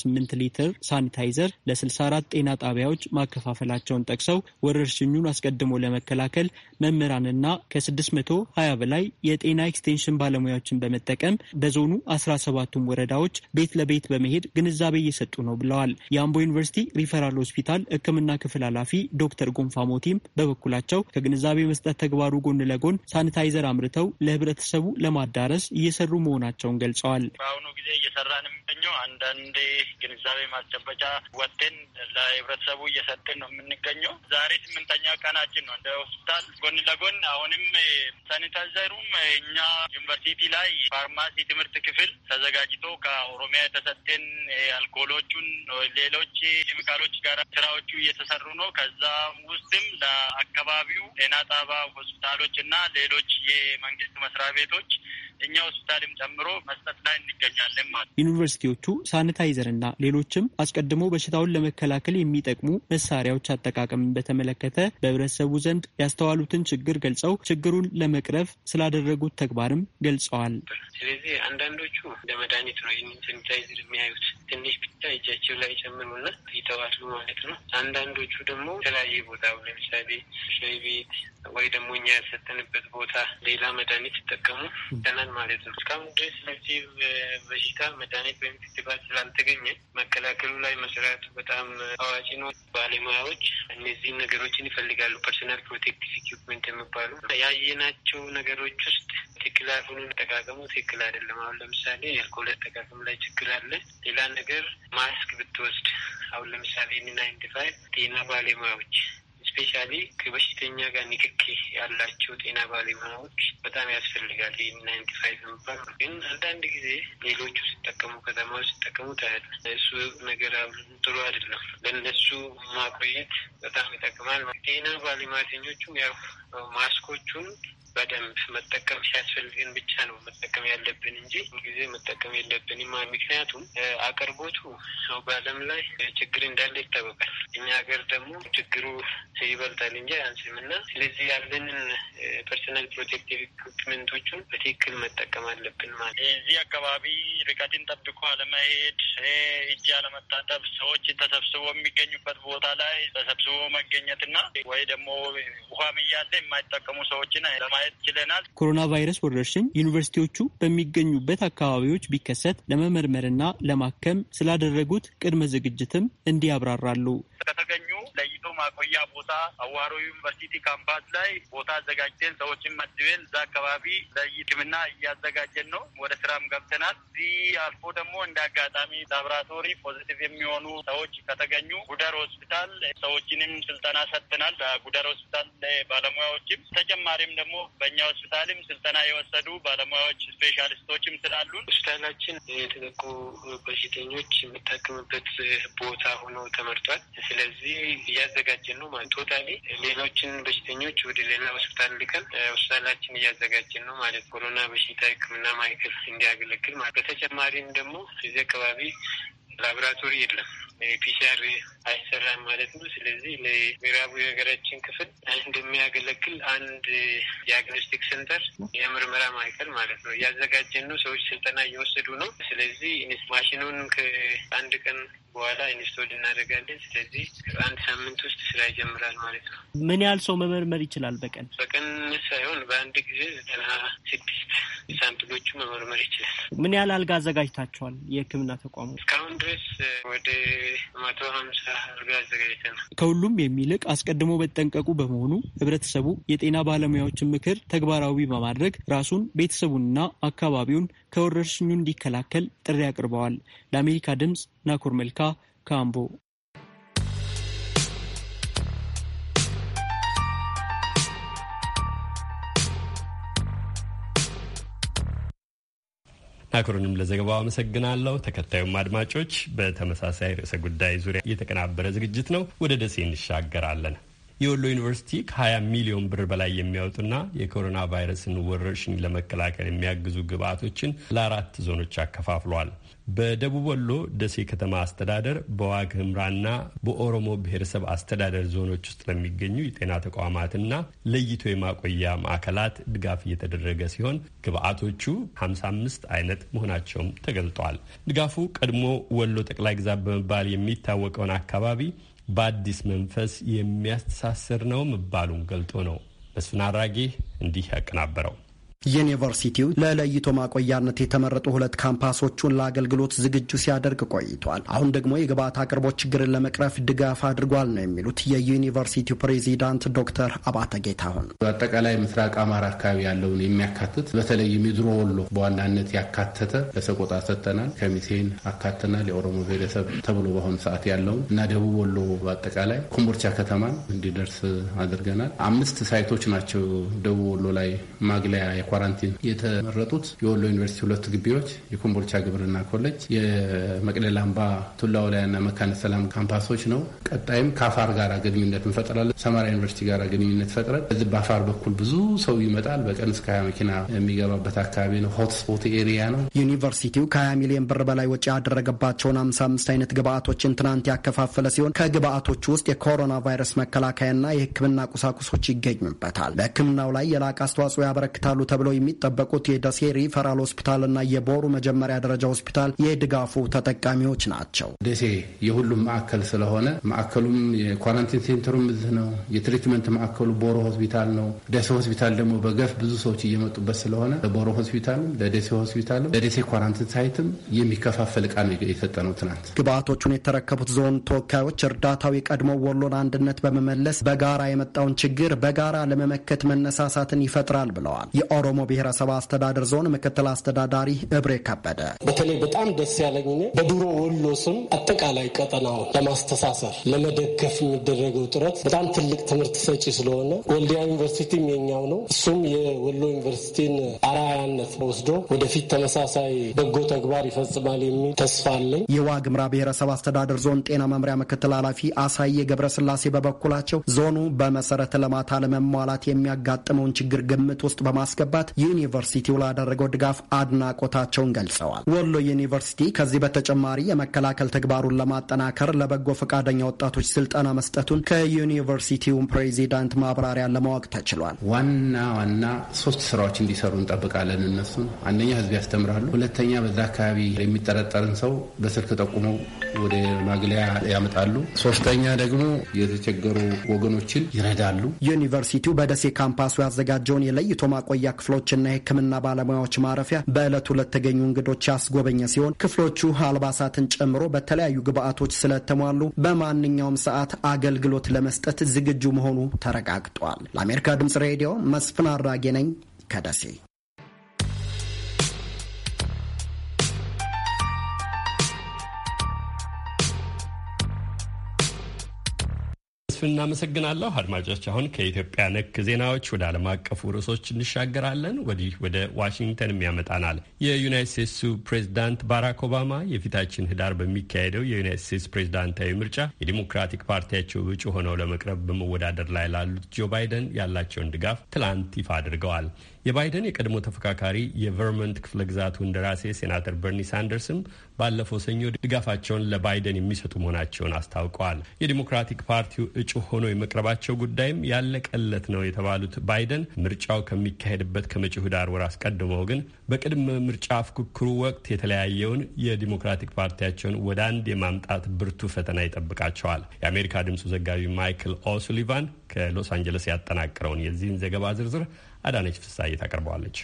J: ስምንት ሊትር ሳኒታይዘር ለ64 ጤና ጣቢያዎች ማከፋፈላቸውን ጠቅሰው ወረርሽኙን አስቀድሞ ለመከላከል መምህራንና ከ620 በላይ የጤና ኤክስቴንሽን ባለሙያዎችን በመጠቀም በዞኑ 17ቱም ወረዳዎች ቤት ለቤት በመሄድ ግንዛቤ እየሰጡ ነው ብለዋል። የአምቦ ዩኒቨርሲቲ ሪፈራል ሆስፒታል ሕክምና ክፍል ኃላፊ ዶክተር ጎንፋ ሞቲም በበኩላቸው ከግንዛቤ መስጠት ተግባሩ ጎን ለጎን ሳኒታይዘር አምርተው ለህብረተሰቡ ለማዳረስ እየሰሩ መሆናቸውን ገልጸዋል።
L: በአሁኑ ጊዜ እየሰራን የምንገኘው አንዳንዴ ግንዛቤ ማስጨበጫ ወጥን ለህብረተሰቡ እየሰጥን ነው የምንገኘው። ዛሬ ስምንተኛ ቀናችን ነው እንደ ሆስፒታል ጎን ለጎን አሁንም ሳኒታይዘሩም እኛ ዩኒቨርሲቲ ላይ ፋርማሲ ትምህርት ክፍል ተዘጋጅቶ ከኦሮሚያ የተሰጠን አልኮሎቹን ሌሎች ኬሚካሎች ጋር ስራዎቹ እየተሰሩ ነው። ከዛም ውስጥም ለአካባቢው ጤና ጣባ ሆስፒታሎች እና ሌሎች የመንግስት መስሪያ ቤቶች እኛ ሆስፒታልም ጨምሮ መስጠት ላይ እንገኛለን
J: ማለት ዩኒቨርሲቲዎቹ ሳኒታይዘር እና ሌሎችም አስቀድሞ በሽታውን ለመከላከል የሚጠቅሙ መሳሪያዎች አጠቃቀምን በተመለከተ በህብረተሰቡ ዘንድ ያስተዋሉትን ችግር ገልጸው ችግሩን ለመቅረፍ ስላደረጉት ተግባርም ገልጸዋል።
K: ስለዚህ አንዳንዶቹ እንደ መድኃኒት ነው ይህንን ሴኒታይዘር የሚያዩት ትንሽ ብቻ እጃቸው ላይ ጨምሩና ይተዋሉ ማለት ነው። አንዳንዶቹ ደግሞ የተለያየ ቦታ ለምሳሌ ሻይ ቤት ወይ ደግሞ እኛ ያልሰጠንበት ቦታ ሌላ መድኃኒት ይጠቀሙ ተናል ማለት ነው። እስካሁን ድረስ ለዚህ በሽታ መድኃኒት ወይም ክትባት ስላልተገኘ መከላከሉ ላይ መስራቱ በጣም አዋጭ ነው። ባለሙያዎች እነዚህን ነገሮችን ይፈልጋሉ። ፐርሰናል ፕሮቴክቲቭ ኢኩፕመንት የሚባሉ ያየናቸው ነገሮች ውስጥ ትክክል ያልሆኑ አጠቃቀሙ ትክክል አይደለም። አሁን ለምሳሌ የአልኮል አጠቃቀም ላይ ችግር አለ። ሌላ ነገር ማስክ ብትወስድ አሁን ለምሳሌ ናይንቲ ፋይቭ ጤና ባለሙያዎች ስፔሻሊ ከበሽተኛ ጋር ንክኪ ያላቸው ጤና ባለሙያዎች በጣም ያስፈልጋል። ይህ ናይንቲ ፋይቭ የሚባል ግን አንዳንድ ጊዜ ሌሎቹ ሲጠቀሙ ከተማዎች ሲጠቀሙ ታያል። እሱ ነገር ጥሩ አይደለም። ለነሱ ማቆየት በጣም ይጠቅማል። ጤና ባለሙያተኞቹም ያው ማስኮቹን በደንብ መጠቀም ሲያስፈልግን ብቻ ነው መጠቀም ያለብን እንጂ ሁልጊዜ መጠቀም የለብንም። ምክንያቱም አቅርቦቱ ሰው በዓለም ላይ ችግር እንዳለ ይታወቃል። እኛ ሀገር ደግሞ ችግሩ ይበልጣል እንጂ አያንስም እና ስለዚህ ያለንን
L: ፐርሰናል ፕሮቴክቲቭ ኢኩፕመንቶቹን በትክክል መጠቀም አለብን። ማለት እዚህ አካባቢ ርቀትን ጠብቆ አለመሄድ፣ እጅ አለመታጠብ፣ ሰዎች ተሰብስቦ የሚገኙበት ቦታ ላይ ተሰብስቦ መገኘት እና ወይ ደግሞ ውሃም እያለ የማይጠቀሙ ሰዎችን ማየት
J: ችለናል። ኮሮና ቫይረስ ወረርሽኝ ዩኒቨርሲቲዎቹ በሚገኙበት አካባቢዎች ቢከሰት ለመመርመርና ለማከም ስላደረጉት ቅድመ ዝግጅትም እንዲያብራራሉ።
L: ከተገኙ ለይቶ ማቆያ ቦታ አዋሮ ዩኒቨርሲቲ ካምፓስ ላይ ቦታ አዘጋጅተን ሰዎችን መድቤን እዛ አካባቢ ለሕክምና እያዘጋጀን ነው። ወደ ስራም ገብተናል። እዚህ አልፎ ደግሞ እንደ አጋጣሚ ላብራቶሪ ፖዚቲቭ የሚሆኑ ሰዎች ከተገኙ ጉደር ሆስፒታል ሰዎችንም ስልጠና ሰጥተናል። ጉደር ሆስፒታል ባለሙያዎችም ተጨማሪም ደግሞ በእኛ ሆስፒታልም ስልጠና የወሰዱ ባለሙያዎች ስፔሻሊስቶችም ስላሉ
K: ሆስፒታላችን የተጠቁ በሽተኞች የምታክምበት ቦታ ሆኖ ተመርቷል። ስለዚህ እያዘጋጀን ነው ማለት ቶታሊ ሌሎችን በሽተኞች ወደ ሌላ ሆስፒታል ልከን ሆስፒታላችን እያዘጋጀን ነው ማለት ኮሮና በሽታ ሕክምና ማዕከል እንዲያገለግል ማለት በተጨማሪም ደግሞ እዚህ አካባቢ ላብራቶሪ የለም። ፒሲአር አይሰራም ማለት ነው። ስለዚህ ለምዕራቡ የሀገራችን ክፍል እንደሚያገለግል አንድ ዲያግኖስቲክ ሴንተር የምርመራ ማዕከል ማለት ነው እያዘጋጀን ነው። ሰዎች ስልጠና እየወሰዱ ነው። ስለዚህ ማሽኑን ከአንድ ቀን በኋላ ኢንስቶል እናደርጋለን። ስለዚህ አንድ ሳምንት ውስጥ ስራ ይጀምራል ማለት ነው።
J: ምን ያህል ሰው መመርመር ይችላል? በቀን
K: በቀን ሳይሆን በአንድ ጊዜ ዘጠና ስድስት ሳምፕሎቹ መመርመር ይችላል።
J: ምን ያህል አልጋ አዘጋጅታችኋል? የህክምና ተቋሙ
K: እስካሁን ድረስ ወደ መቶ ሀምሳ አልጋ
J: አዘጋጅተናል። ከሁሉም የሚልቅ አስቀድሞ በጠንቀቁ በመሆኑ ህብረተሰቡ የጤና ባለሙያዎችን ምክር ተግባራዊ በማድረግ ራሱን ቤተሰቡንና አካባቢውን ከወረርሽኙ እንዲከላከል ጥሪ አቅርበዋል። ለአሜሪካ ድምፅ ናኩር መልካ ካምቦ
A: ናኮሩንም ለዘገባው አመሰግናለሁ። ተከታዩም አድማጮች በተመሳሳይ ርዕሰ ጉዳይ ዙሪያ የተቀናበረ ዝግጅት ነው። ወደ ደሴ እንሻገራለን። የወሎ ዩኒቨርሲቲ ከ20 ሚሊዮን ብር በላይ የሚያወጡና የኮሮና ቫይረስን ወረርሽኝ ለመከላከል የሚያግዙ ግብዓቶችን ለአራት ዞኖች አከፋፍሏል። በደቡብ ወሎ ደሴ ከተማ አስተዳደር በዋግ ህምራና በኦሮሞ ብሔረሰብ አስተዳደር ዞኖች ውስጥ ለሚገኙ የጤና ተቋማትና ለይቶ የማቆያ ማዕከላት ድጋፍ እየተደረገ ሲሆን ግብአቶቹ 55 አይነት መሆናቸውም ተገልጧል። ድጋፉ ቀድሞ ወሎ ጠቅላይ ግዛት በመባል የሚታወቀውን አካባቢ በአዲስ መንፈስ የሚያስተሳስር ነው መባሉን ገልጦ ነው መስፍን አራጌ እንዲህ ያቀናበረው።
M: ዩኒቨርሲቲው ለለይቶ ማቆያነት የተመረጡ ሁለት ካምፓሶቹን ለአገልግሎት ዝግጁ ሲያደርግ ቆይቷል። አሁን ደግሞ የግብዓት አቅርቦት ችግርን ለመቅረፍ ድጋፍ
N: አድርጓል ነው የሚሉት የዩኒቨርሲቲው ፕሬዚዳንት ዶክተር አባተ ጌታሁን። በአጠቃላይ ምስራቅ አማራ አካባቢ ያለውን የሚያካትት በተለይ የሚድሮ ወሎ በዋናነት ያካተተ ለሰቆጣ ሰጠናል፣ ከሚሴን አካተናል፣ የኦሮሞ ብሔረሰብ ተብሎ በአሁኑ ሰዓት ያለውን እና ደቡብ ወሎ በአጠቃላይ ኮምቦልቻ ከተማን እንዲደርስ አድርገናል። አምስት ሳይቶች ናቸው ደቡብ ወሎ ላይ ማግለያ ኳራንቲን የተመረጡት የወሎ ዩኒቨርሲቲ ሁለት ግቢዎች፣ የኮምቦልቻ ግብርና ኮሌጅ፣ የመቅደላ አምባ ቱላ ወላይና መካነ ሰላም ካምፓሶች ነው። ቀጣይም ከአፋር ጋር ግንኙነት እንፈጥራለን። ሰማራ ዩኒቨርሲቲ ጋር ግንኙነት ፈጥረን እዚህ በአፋር በኩል ብዙ ሰው ይመጣል። በቀን እስከ ሀያ መኪና የሚገባበት አካባቢ ነው። ሆትስፖት ኤሪያ ነው። ዩኒቨርሲቲው ከ
M: ሚሊዮን ብር በላይ ወጪ ያደረገባቸውን 55 አይነት ግብአቶችን ትናንት ያከፋፈለ ሲሆን ከግብአቶች ውስጥ የኮሮና ቫይረስ መከላከያና የሕክምና ቁሳቁሶች ይገኙበታል። በሕክምናው ላይ የላቀ አስተዋጽኦ ያበረክታሉ ተብለው የሚጠበቁት የደሴ ሪፈራል ሆስፒታልና የቦሩ መጀመሪያ ደረጃ
N: ሆስፒታል የድጋፉ ተጠቃሚዎች ናቸው። ደሴ የሁሉም ማዕከል ስለሆነ ማዕከሉም የኳራንቲን ሴንተሩም እዚህ ነው። የትሪትመንት ማዕከሉ ቦሮ ሆስፒታል ነው። ደሴ ሆስፒታል ደግሞ በገፍ ብዙ ሰዎች እየመጡበት ስለሆነ ለቦሮ ሆስፒታልም፣ ለደሴ ሆስፒታልም፣ ለደሴ ኳራንቲን ሳይትም የሚከፋፈል እቃ ነው የሰጠ ነው ትናንት። ግብአቶቹን የተረከቡት ዞን ተወካዮች እርዳታው የቀድሞ
M: ወሎን አንድነት በመመለስ በጋራ የመጣውን ችግር በጋራ ለመመከት መነሳሳትን ይፈጥራል ብለዋል። የኦሮሞ ብሔረሰብ አስተዳደር ዞን ምክትል አስተዳዳሪ እብሬ ከበደ
A: በተለይ በጣም ደስ ያለኝ በድሮ ወሎ ስም አጠቃላይ ቀጠናውን ለማስተሳሰር ለመደገፍ
K: የሚደረገው ጥረት በጣም ትልቅ ትምህርት ሰጪ ስለሆነ
A: ወልዲያ ዩኒቨርሲቲም የኛው ነው። እሱም የወሎ ዩኒቨርሲቲን አራያነት ወስዶ ወደፊት ተመሳሳይ በጎ ተግባር ይፈጽማል የሚል ተስፋ አለኝ።
M: የዋግምራ ብሔረሰብ አስተዳደር ዞን ጤና መምሪያ ምክትል ኃላፊ አሳየ ገብረስላሴ በበኩላቸው ዞኑ በመሰረተ ልማት አለመሟላት የሚያጋጥመውን ችግር ግምት ውስጥ በማስገባት በማንሳት ዩኒቨርሲቲው ላደረገው ድጋፍ አድናቆታቸውን ገልጸዋል። ወሎ ዩኒቨርሲቲ ከዚህ በተጨማሪ የመከላከል ተግባሩን ለማጠናከር ለበጎ ፈቃደኛ ወጣቶች ስልጠና መስጠቱን ከዩኒቨርሲቲውን ፕሬዚዳንት ማብራሪያ ለማወቅ ተችሏል።
N: ዋና ዋና ሶስት ስራዎች እንዲሰሩ እንጠብቃለን። እነሱን አንደኛ ህዝብ ያስተምራሉ፣ ሁለተኛ በዛ አካባቢ የሚጠረጠርን ሰው በስልክ ጠቁመው ወደ ማግለያ ያመጣሉ፣ ሶስተኛ ደግሞ የተቸገሩ ወገኖችን ይረዳሉ። ዩኒቨርሲቲው በደሴ ካምፓሱ ያዘጋጀውን
M: የለይቶ ማቆያ ክፍል ክፍሎችና የሕክምና ባለሙያዎች ማረፊያ በዕለቱ ለተገኙ እንግዶች ያስጎበኘ ሲሆን ክፍሎቹ አልባሳትን ጨምሮ በተለያዩ ግብአቶች ስለተሟሉ በማንኛውም ሰዓት አገልግሎት ለመስጠት ዝግጁ መሆኑ ተረጋግጧል። ለአሜሪካ ድምጽ ሬዲዮ መስፍን አራጌ ነኝ ከደሴ
A: መስፍን እናመሰግናለሁ። አድማጮች፣ አሁን ከኢትዮጵያ ነክ ዜናዎች ወደ ዓለም አቀፉ ርዕሶች እንሻገራለን። ወዲህ ወደ ዋሽንግተንም ያመጣናል። የዩናይት ስቴትሱ ፕሬዚዳንት ባራክ ኦባማ የፊታችን ህዳር በሚካሄደው የዩናይት ስቴትስ ፕሬዚዳንታዊ ምርጫ የዲሞክራቲክ ፓርቲያቸው እጩ ሆነው ለመቅረብ በመወዳደር ላይ ላሉት ጆ ባይደን ያላቸውን ድጋፍ ትላንት ይፋ አድርገዋል። የባይደን የቀድሞ ተፎካካሪ የቨርመንት ክፍለ ግዛቱ እንደራሴ ሴናተር በርኒ ሳንደርስም ባለፈው ሰኞ ድጋፋቸውን ለባይደን የሚሰጡ መሆናቸውን አስታውቀዋል። የዲሞክራቲክ ፓርቲው እጩ ሆኖ የመቅረባቸው ጉዳይም ያለቀለት ነው የተባሉት ባይደን ምርጫው ከሚካሄድበት ከመጪው ህዳር ወር አስቀድመው ግን በቅድመ ምርጫ ፉክክሩ ወቅት የተለያየውን የዲሞክራቲክ ፓርቲያቸውን ወደ አንድ የማምጣት ብርቱ ፈተና ይጠብቃቸዋል። የአሜሪካ ድምፁ ዘጋቢ ማይክል ኦሱሊቫን ከሎስ አንጀለስ ያጠናቀረውን የዚህን ዘገባ ዝርዝር አዳነች ፍሳይ ታቀርበዋለች።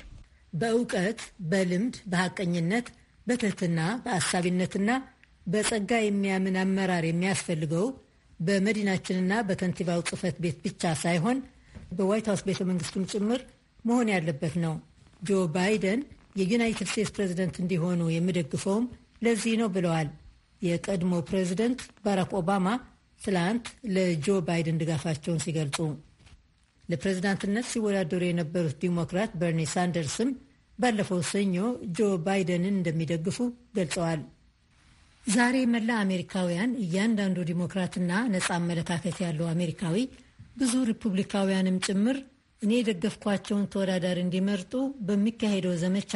O: በእውቀት፣ በልምድ፣ በሐቀኝነት፣ በትህትና፣ በአሳቢነትና በጸጋ የሚያምን አመራር የሚያስፈልገው በመዲናችንና በከንቲባው ጽህፈት ቤት ብቻ ሳይሆን በዋይት ሀውስ ቤተ መንግስቱም ጭምር መሆን ያለበት ነው። ጆ ባይደን የዩናይትድ ስቴትስ ፕሬዚደንት እንዲሆኑ የሚደግፈውም ለዚህ ነው ብለዋል። የቀድሞ ፕሬዚደንት ባራክ ኦባማ ትላንት ለጆ ባይደን ድጋፋቸውን ሲገልጹ ለፕሬዝዳንትነት ሲወዳደሩ የነበሩት ዲሞክራት በርኒ ሳንደርስም ባለፈው ሰኞ ጆ ባይደንን እንደሚደግፉ ገልጸዋል። ዛሬ መላ አሜሪካውያን እያንዳንዱ ዲሞክራትና ነፃ አመለካከት ያለው አሜሪካዊ ብዙ ሪፑብሊካውያንም ጭምር እኔ የደገፍኳቸውን ተወዳዳሪ እንዲመርጡ በሚካሄደው ዘመቻ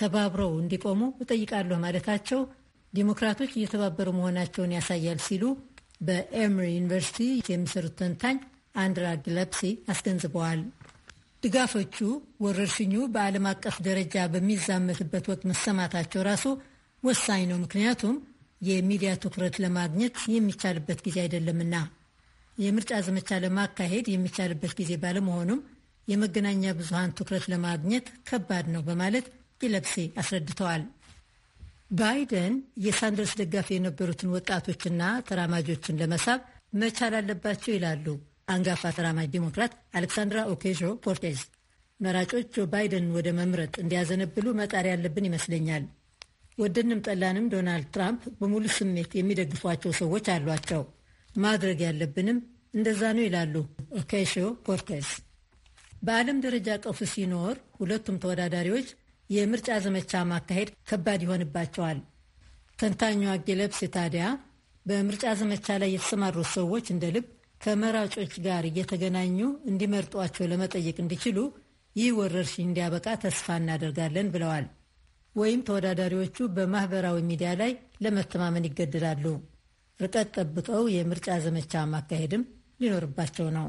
O: ተባብረው እንዲቆሙ እጠይቃለሁ ማለታቸው ዲሞክራቶች እየተባበሩ መሆናቸውን ያሳያል ሲሉ በኤምሪ ዩኒቨርሲቲ የሚሰሩት ተንታኝ አንድራ ግለፕሲ አስገንዝበዋል። ድጋፎቹ ወረርሽኙ በዓለም አቀፍ ደረጃ በሚዛመትበት ወቅት መሰማታቸው ራሱ ወሳኝ ነው፣ ምክንያቱም የሚዲያ ትኩረት ለማግኘት የሚቻልበት ጊዜ አይደለምና የምርጫ ዘመቻ ለማካሄድ የሚቻልበት ጊዜ ባለመሆኑም የመገናኛ ብዙሃን ትኩረት ለማግኘት ከባድ ነው በማለት ጊለፕሴ አስረድተዋል። ባይደን የሳንደርስ ደጋፊ የነበሩትን ወጣቶችና ተራማጆችን ለመሳብ መቻል አለባቸው ይላሉ አንጋፋ ተራማጅ ዲሞክራት አሌክሳንድራ ኦኬዦ ኮርቴዝ መራጮች ጆ ባይደን ወደ መምረጥ እንዲያዘነብሉ መጣር ያለብን ይመስለኛል። ወደንም ጠላንም ዶናልድ ትራምፕ በሙሉ ስሜት የሚደግፏቸው ሰዎች አሏቸው። ማድረግ ያለብንም እንደዛ ነው ይላሉ ኦኬሾ ኮርቴዝ። በዓለም ደረጃ ቀውስ ሲኖር ሁለቱም ተወዳዳሪዎች የምርጫ ዘመቻ ማካሄድ ከባድ ይሆንባቸዋል። ተንታኟ ጌለብስ ታዲያ በምርጫ ዘመቻ ላይ የተሰማሩት ሰዎች እንደ ልብ ከመራጮች ጋር እየተገናኙ እንዲመርጧቸው ለመጠየቅ እንዲችሉ ይህ ወረርሽኝ እንዲያበቃ ተስፋ እናደርጋለን ብለዋል። ወይም ተወዳዳሪዎቹ በማህበራዊ ሚዲያ ላይ ለመተማመን ይገደዳሉ። ርቀት ጠብቀው የምርጫ ዘመቻ ማካሄድም ሊኖርባቸው ነው።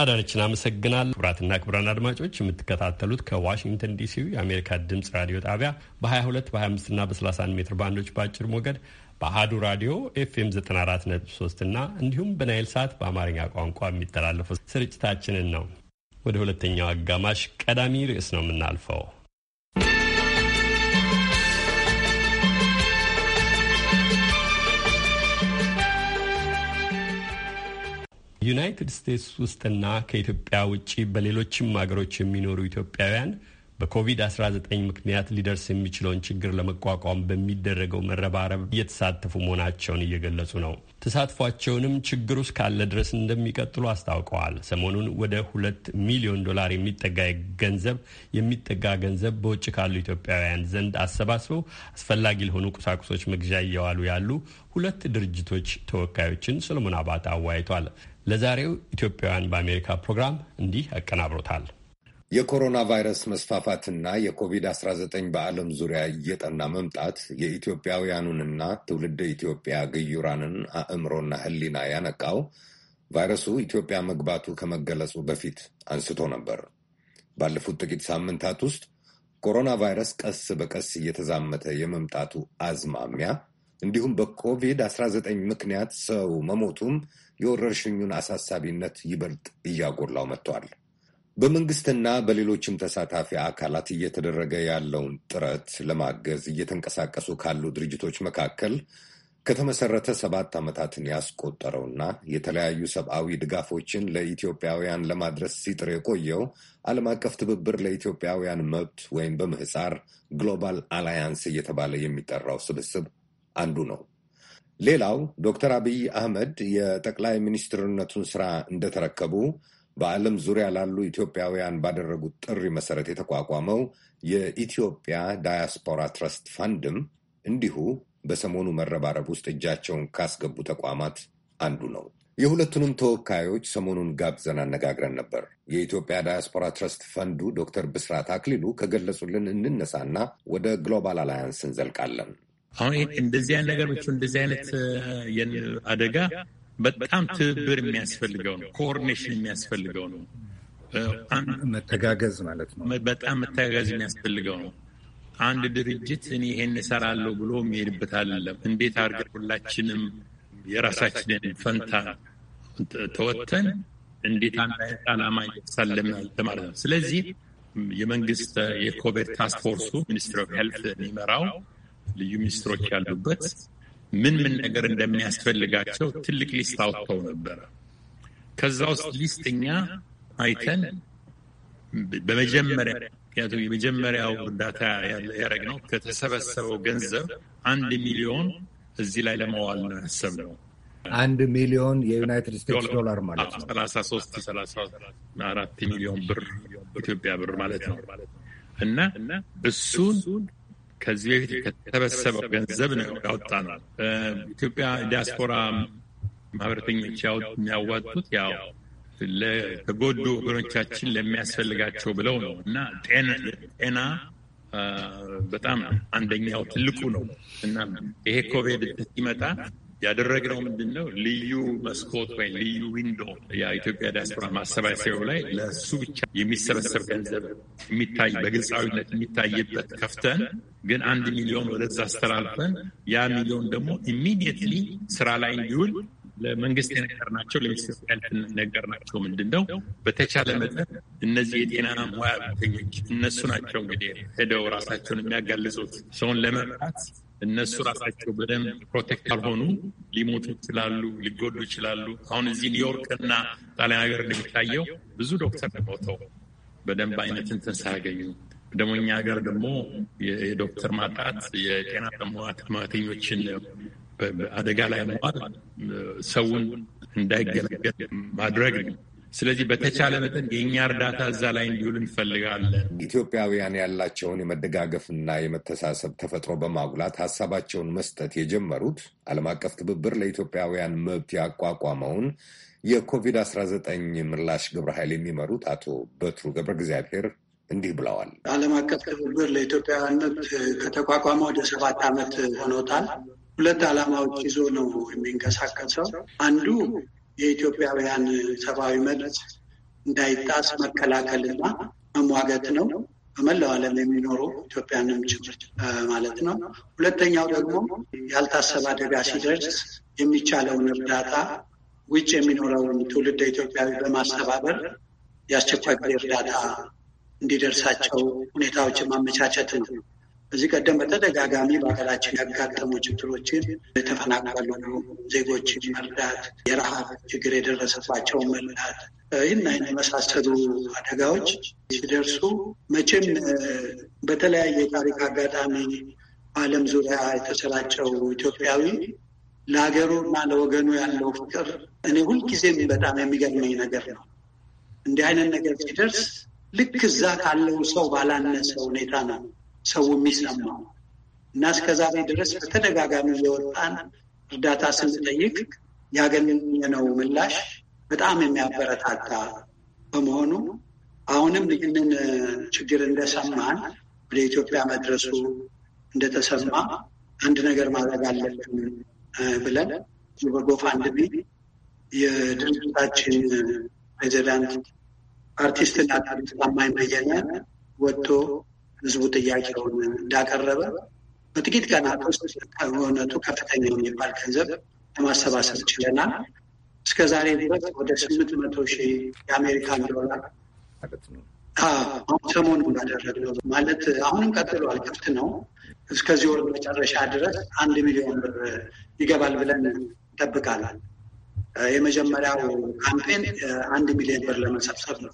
A: አዳነችን አመሰግናለሁ። ክቡራትና ክቡራን አድማጮች የምትከታተሉት ከዋሽንግተን ዲሲው የአሜሪካ ድምፅ ራዲዮ ጣቢያ በ22 በ25ና በ31 ሜትር ባንዶች በአጭር ሞገድ በአህዱ ራዲዮ ኤፍኤም 94.3 እና እንዲሁም በናይል ሰዓት በአማርኛ ቋንቋ የሚተላለፈው ስርጭታችንን ነው። ወደ ሁለተኛው አጋማሽ ቀዳሚ ርዕስ ነው የምናልፈው። ዩናይትድ ስቴትስ ውስጥና ከኢትዮጵያ ውጭ በሌሎችም ሀገሮች የሚኖሩ ኢትዮጵያውያን በኮቪድ-19 ምክንያት ሊደርስ የሚችለውን ችግር ለመቋቋም በሚደረገው መረባረብ እየተሳተፉ መሆናቸውን እየገለጹ ነው። ተሳትፏቸውንም ችግር ውስጥ ካለ ድረስ እንደሚቀጥሉ አስታውቀዋል። ሰሞኑን ወደ ሁለት ሚሊዮን ዶላር የሚጠጋ ገንዘብ የሚጠጋ ገንዘብ በውጭ ካሉ ኢትዮጵያውያን ዘንድ አሰባስበው አስፈላጊ ለሆኑ ቁሳቁሶች መግዣ እየዋሉ ያሉ ሁለት ድርጅቶች ተወካዮችን ሰሎሞን አባተ አወያይቷል። ለዛሬው ኢትዮጵያውያን በአሜሪካ ፕሮግራም እንዲህ ያቀናብሮታል።
D: የኮሮና ቫይረስ መስፋፋትና የኮቪድ-19 በዓለም ዙሪያ እየጠና መምጣት የኢትዮጵያውያኑንና ትውልደ ኢትዮጵያ ግዩራንን አእምሮና ሕሊና ያነቃው ቫይረሱ ኢትዮጵያ መግባቱ ከመገለጹ በፊት አንስቶ ነበር። ባለፉት ጥቂት ሳምንታት ውስጥ ኮሮና ቫይረስ ቀስ በቀስ እየተዛመተ የመምጣቱ አዝማሚያ እንዲሁም በኮቪድ-19 ምክንያት ሰው መሞቱም የወረርሽኙን አሳሳቢነት ይበልጥ እያጎላው መጥቷል። በመንግስትና በሌሎችም ተሳታፊ አካላት እየተደረገ ያለውን ጥረት ለማገዝ እየተንቀሳቀሱ ካሉ ድርጅቶች መካከል ከተመሰረተ ሰባት ዓመታትን ያስቆጠረውና የተለያዩ ሰብአዊ ድጋፎችን ለኢትዮጵያውያን ለማድረስ ሲጥር የቆየው ዓለም አቀፍ ትብብር ለኢትዮጵያውያን መብት ወይም በምህፃር ግሎባል አላያንስ እየተባለ የሚጠራው ስብስብ አንዱ ነው። ሌላው ዶክተር አብይ አህመድ የጠቅላይ ሚኒስትርነቱን ስራ እንደተረከቡ በዓለም ዙሪያ ላሉ ኢትዮጵያውያን ባደረጉት ጥሪ መሰረት የተቋቋመው የኢትዮጵያ ዳያስፖራ ትረስት ፋንድም እንዲሁ በሰሞኑ መረባረብ ውስጥ እጃቸውን ካስገቡ ተቋማት አንዱ ነው። የሁለቱንም ተወካዮች ሰሞኑን ጋብዘን አነጋግረን ነበር። የኢትዮጵያ ዳያስፖራ ትረስት ፈንዱ ዶክተር ብስራት አክሊሉ ከገለጹልን እንነሳና ወደ ግሎባል አላያንስ እንዘልቃለን።
E: አሁን እንደዚህ አይነት ነገሮች እንደዚህ አይነት አደጋ በጣም ትብብር የሚያስፈልገው ነው። ኮኦርዲኔሽን የሚያስፈልገው ነው። መተጋገዝ ማለት ነው። በጣም መተጋገዝ የሚያስፈልገው ነው። አንድ ድርጅት እኔ ይሄን እሰራለሁ ብሎ የሚሄድበት አይደለም። እንዴት አድርገን ሁላችንም የራሳችንን ፈንታ ተወተን እንዴት አንድ አይነት ዓላማ ይሳለምናል ማለት ነው። ስለዚህ የመንግስት የኮቪድ ታስክ ፎርሱ ሚኒስትር ኦፍ ሄልት የሚመራው ልዩ ሚኒስትሮች ያሉበት ምን ምን ነገር እንደሚያስፈልጋቸው ትልቅ ሊስት አውጥተው ነበረ። ከዛ ውስጥ ሊስትኛ አይተን በመጀመሪያ የመጀመሪያው እርዳታ ነው ከተሰበሰበው ገንዘብ አንድ ሚሊዮን እዚህ ላይ ለመዋል ነው ያሰብነው።
D: አንድ ሚሊዮን የዩናይትድ ስቴትስ ዶላር ማለት ነው።
E: ሰላሳ ሶስት ሰላሳ አራት ሚሊዮን ብር ኢትዮጵያ ብር ማለት ነው እና እሱን ከዚህ በፊት ከተሰበሰበው ገንዘብ ነው ያወጣ ነው። ኢትዮጵያ ዲያስፖራ ማህበረተኞች የሚያዋጡት ያው ለተጎዱ ወገኖቻችን ለሚያስፈልጋቸው ብለው ነው እና ጤና በጣም አንደኛው ትልቁ ነው እና ይሄ ኮቪድ ሲመጣ ያደረግነው ምንድን ነው? ልዩ መስኮት ወይም ልዩ ዊንዶ የኢትዮጵያ ዲያስፖራ ማሰባሰቢያው ላይ ለእሱ ብቻ የሚሰበሰብ ገንዘብ የሚታይ በግልጻዊነት የሚታይበት ከፍተን ግን አንድ ሚሊዮን ወደዛ አስተላልፈን ያ ሚሊዮን ደግሞ ኢሚዲየትሊ ስራ ላይ እንዲውል ለመንግስት የነገርናቸው ለኢትዮጵያ ነገርናቸው ምንድን ነው፣ በተቻለ መጠን እነዚህ የጤና ሙያ እነሱ ናቸው እንግዲህ ሄደው ራሳቸውን የሚያጋልጹት ሰውን ለመምጣት እነሱ ራሳቸው በደንብ ፕሮቴክት ካልሆኑ ሊሞቱ ይችላሉ፣ ሊጎዱ ይችላሉ። አሁን እዚህ ኒውዮርክ እና ጣሊያን ሀገር እንደሚታየው ብዙ ዶክተር ሞተው በደንብ አይነት እንትን ሳያገኙ ደግሞ እኛ ሀገር ደግሞ የዶክተር ማጣት የጤና ጥማተኞችን አደጋ ላይ መዋል ሰውን እንዳይገለገል ማድረግ ነው። ስለዚህ በተቻለ መጠን የእኛ እርዳታ እዛ ላይ እንዲውል እንፈልጋለን።
D: ኢትዮጵያውያን ያላቸውን የመደጋገፍና የመተሳሰብ ተፈጥሮ በማጉላት ሀሳባቸውን መስጠት የጀመሩት ዓለም አቀፍ ትብብር ለኢትዮጵያውያን መብት ያቋቋመውን የኮቪድ-19 ምላሽ ግብረ ኃይል የሚመሩት አቶ በትሩ ገብረ እግዚአብሔር እንዲህ ብለዋል።
F: ዓለም አቀፍ ትብብር ለኢትዮጵያውያነት ከተቋቋመ ወደ ሰባት ዓመት ሆኖታል። ሁለት ዓላማዎች ይዞ ነው የሚንቀሳቀሰው። አንዱ የኢትዮጵያውያን ሰብአዊ መብት እንዳይጣስ መከላከልና መሟገት ነው፣ በመላው ዓለም የሚኖሩ ኢትዮጵያንም ጭምር ማለት ነው። ሁለተኛው ደግሞ ያልታሰበ አደጋ ሲደርስ የሚቻለውን እርዳታ ውጭ የሚኖረውን ትውልድ ኢትዮጵያዊ በማስተባበር የአስቸኳይ ጊዜ እርዳታ እንዲደርሳቸው ሁኔታዎችን ማመቻቸት ነው። በዚህ ቀደም በተደጋጋሚ በሀገራችን ያጋጠሙ ችግሮችን የተፈናቀሉ ዜጎችን መርዳት፣ የረሃብ ችግር የደረሰባቸውን መርዳት፣ ይህን የመሳሰሉ አደጋዎች ሲደርሱ መቼም በተለያየ የታሪክ አጋጣሚ በዓለም ዙሪያ የተሰራጨው ኢትዮጵያዊ ለሀገሩ እና ለወገኑ ያለው ፍቅር እኔ ሁልጊዜም በጣም የሚገርመኝ ነገር ነው። እንዲህ አይነት ነገር ሲደርስ ልክ እዛ ካለው ሰው ባላነሰ ሁኔታ ነው ሰው የሚሰማው እና እስከዛሬ ድረስ በተደጋጋሚ የወጣን እርዳታ ስንጠይቅ ያገኘነው ምላሽ በጣም የሚያበረታታ በመሆኑ አሁንም ይህንን ችግር እንደሰማን ወደ ኢትዮጵያ መድረሱ እንደተሰማ አንድ ነገር ማድረግ አለብን ብለን በጎፋንድሚ የድርጅታችን ፕሬዚዳንት አርቲስትና ታማኝ በየነ ወጥቶ ህዝቡ ጥያቄውን እንዳቀረበ በጥቂት ቀናት ውስጥ ከፍተኛ የሚባል ገንዘብ ለማሰባሰብ ችለናል። እስከ ዛሬ ድረስ ወደ ስምንት መቶ ሺህ የአሜሪካን ዶላር አሁን ሰሞኑን ነው ማለት አሁንም ቀጥሏል፣ ክፍት ነው። እስከዚህ ወር መጨረሻ ድረስ አንድ ሚሊዮን ብር ይገባል ብለን እንጠብቃለን። የመጀመሪያው ካምፔን አንድ ሚሊዮን ብር ለመሰብሰብ ነው።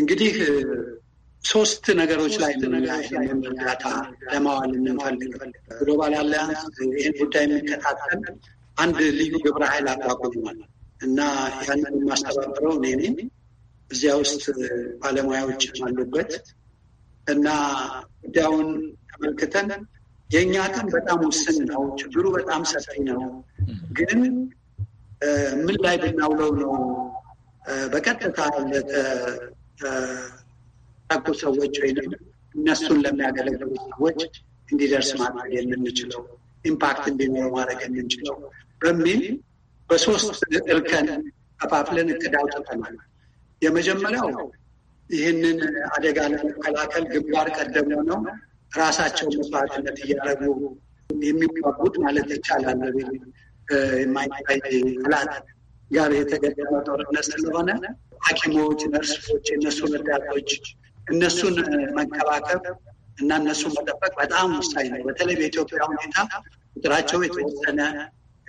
F: እንግዲህ ሶስት ነገሮች ላይ እርዳታ ለማዋል እንፈልግ። ግሎባል አሊያንስ ይህን ጉዳይ የሚከታተል አንድ ልዩ ግብረ ኃይል አቋቁሟል እና ያንን የማስተባበረው እኔ እዚያ ውስጥ ባለሙያዎች አሉበት እና ጉዳዩን ተመልክተን የእኛ አቅም በጣም ውስን ነው፣ ችግሩ በጣም ሰፊ ነው ግን ምን ላይ ብናውለው ነው በቀጥታ ለተጠቁ ሰዎች ወይም እነሱን ለሚያገለግሉ ሰዎች እንዲደርስ ማድረግ የምንችለው ኢምፓክት እንዲኖረው ማድረግ የምንችለው በሚል በሶስት እርከን ከፋፍለን እቅድ አውጥተናል። የመጀመሪያው ይህንን አደጋ ለመከላከል ግንባር ቀደም ነው ራሳቸው መስዋዕትነት እያደረጉ የሚዋጉት ማለት ይቻላል የማይታይ ጠላት ጋር የተገደመ ጦርነት ስለሆነ ሐኪሞች፣ ነርሶች፣ እነሱ ረዳቶች እነሱን መንከባከብ እና እነሱን መጠበቅ በጣም ወሳኝ ነው። በተለይ በኢትዮጵያ ሁኔታ ቁጥራቸው የተወሰነ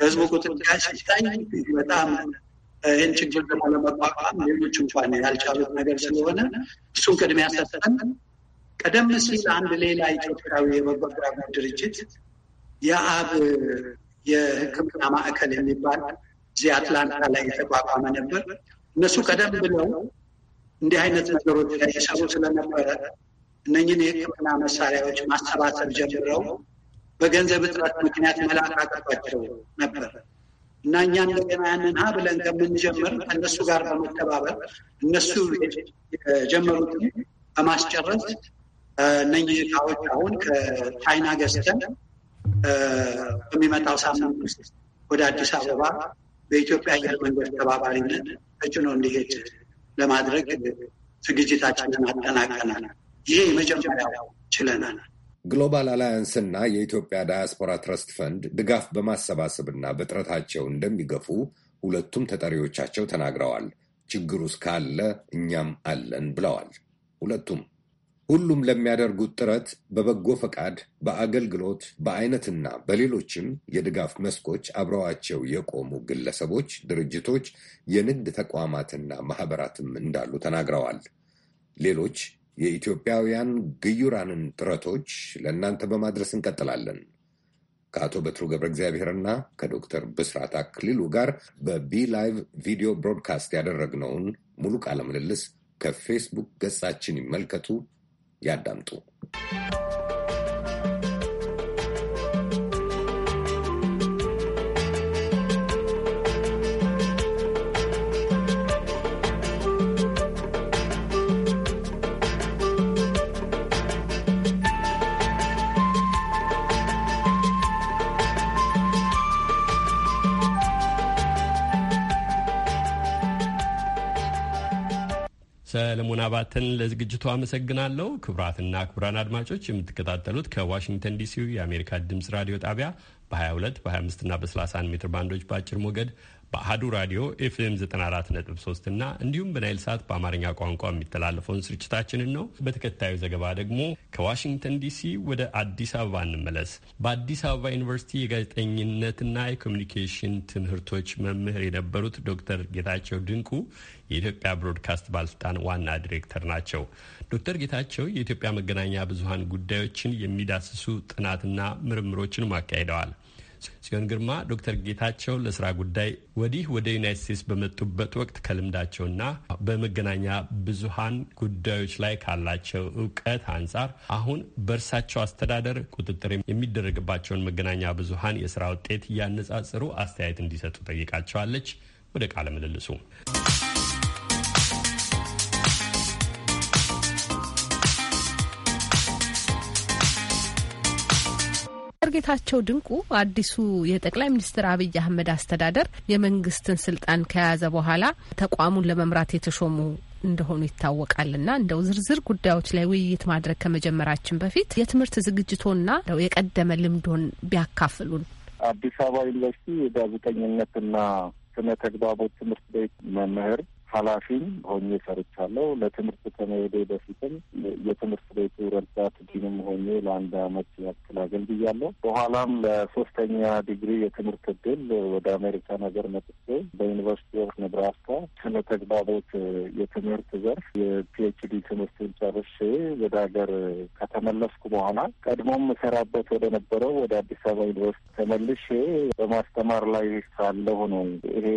F: ህዝቡ ቁጥር ጋር ሲታይ በጣም ይህን ችግር ደግሞ ለመቋቋም ሌሎች እንኳን ያልቻሉት ነገር ስለሆነ እሱን ቅድሚያ ሰጠን። ቀደም ሲል አንድ ሌላ ኢትዮጵያዊ የበጎ አድራጎት ድርጅት የአብ የሕክምና ማዕከል የሚባል እዚህ አትላንታ ላይ የተቋቋመ ነበር። እነሱ ቀደም ብለው እንዲህ አይነት ነገሮች ላይ የሰሩ ስለነበረ እነኝን የሕክምና መሳሪያዎች ማሰባሰብ ጀምረው በገንዘብ እጥረት ምክንያት መላክ አቅቷቸው ነበር እና እኛ እንደገና ያንን ሀ ብለን ከምንጀምር ከእነሱ ጋር በመተባበር እነሱ የጀመሩትን በማስጨረስ እነኝህ እቃዎች አሁን ከቻይና ገዝተን በሚመጣው ሳምንት ውስጥ ወደ አዲስ አበባ በኢትዮጵያ አየር መንገድ ተባባሪነት ተጭኖ እንዲሄድ ለማድረግ ዝግጅታችንን አጠናቀናል። ይሄ የመጀመሪያው
D: ችለናል። ግሎባል አላያንስና የኢትዮጵያ ዳያስፖራ ትረስት ፈንድ ድጋፍ በማሰባሰብና በጥረታቸው እንደሚገፉ ሁለቱም ተጠሪዎቻቸው ተናግረዋል። ችግሩ እስካለ እኛም አለን ብለዋል ሁለቱም ሁሉም ለሚያደርጉት ጥረት በበጎ ፈቃድ፣ በአገልግሎት፣ በአይነትና በሌሎችም የድጋፍ መስኮች አብረዋቸው የቆሙ ግለሰቦች፣ ድርጅቶች፣ የንግድ ተቋማትና ማህበራትም እንዳሉ ተናግረዋል። ሌሎች የኢትዮጵያውያን ግዩራንን ጥረቶች ለእናንተ በማድረስ እንቀጥላለን። ከአቶ በትሩ ገብረ እግዚአብሔርና ከዶክተር ብስራት አክሊሉ ጋር በቢ ላይቭ ቪዲዮ ብሮድካስት ያደረግነውን ሙሉ ቃለ ምልልስ ከፌስቡክ ገጻችን ይመልከቱ። ያዳምጡ።
A: አባተን ለዝግጅቱ አመሰግናለሁ። ክቡራትና ክቡራን አድማጮች የምትከታተሉት ከዋሽንግተን ዲሲው የአሜሪካ ድምፅ ራዲዮ ጣቢያ በ22 በ25ና በ31 ሜትር ባንዶች በአጭር ሞገድ በአህዱ ራዲዮ ኤፍኤም 94.3 እና እንዲሁም በናይል ሰዓት በአማርኛ ቋንቋ የሚተላለፈውን ስርጭታችንን ነው። በተከታዩ ዘገባ ደግሞ ከዋሽንግተን ዲሲ ወደ አዲስ አበባ እንመለስ። በአዲስ አበባ ዩኒቨርሲቲ የጋዜጠኝነትና የኮሚኒኬሽን ትምህርቶች መምህር የነበሩት ዶክተር ጌታቸው ድንቁ የኢትዮጵያ ብሮድካስት ባለስልጣን ዋና ዲሬክተር ናቸው። ዶክተር ጌታቸው የኢትዮጵያ መገናኛ ብዙሀን ጉዳዮችን የሚዳስሱ ጥናትና ምርምሮችን አካሂደዋል። ጽዮን ግርማ ዶክተር ጌታቸው ለስራ ጉዳይ ወዲህ ወደ ዩናይት ስቴትስ በመጡበት ወቅት ከልምዳቸውና በመገናኛ ብዙሃን ጉዳዮች ላይ ካላቸው እውቀት አንጻር አሁን በእርሳቸው አስተዳደር ቁጥጥር የሚደረግባቸውን መገናኛ ብዙሃን የስራ ውጤት እያነጻጽሩ አስተያየት እንዲሰጡ ጠይቃቸዋለች። ወደ ቃለ ምልልሱ
P: ጌታቸው ድንቁ አዲሱ የጠቅላይ ሚኒስትር አብይ አህመድ አስተዳደር የመንግስትን ስልጣን ከያዘ በኋላ ተቋሙን ለመምራት የተሾሙ እንደሆኑ ይታወቃልና እንደው ዝርዝር ጉዳዮች ላይ ውይይት ማድረግ ከመጀመራችን በፊት የትምህርት ዝግጅቶና የቀደመ ልምዶን ቢያካፍሉን።
Q: አዲስ አበባ ዩኒቨርሲቲ የጋዜጠኝነትና ስነ ተግባቦት ትምህርት ቤት መምህር ኃላፊም ሆኜ ሰርቻለሁ። ለትምህርት ከመሄዴ በፊትም የትምህርት ቤቱ ረዳት ዲንም ሆኜ ለአንድ አመት ያክል አገልግያለሁ። በኋላም ለሶስተኛ ዲግሪ የትምህርት እድል ወደ አሜሪካ ነገር መጥቼ በዩኒቨርሲቲ ኦፍ ኔብራስካ ስለ ተግባቦት የትምህርት ዘርፍ የፒኤችዲ ትምህርትን ጨርሼ ወደ ሀገር ከተመለስኩ በኋላ ቀድሞም እሰራበት ወደ ነበረው ወደ አዲስ አበባ ዩኒቨርሲቲ ተመልሼ በማስተማር ላይ ሳለሁ ነው ይሄ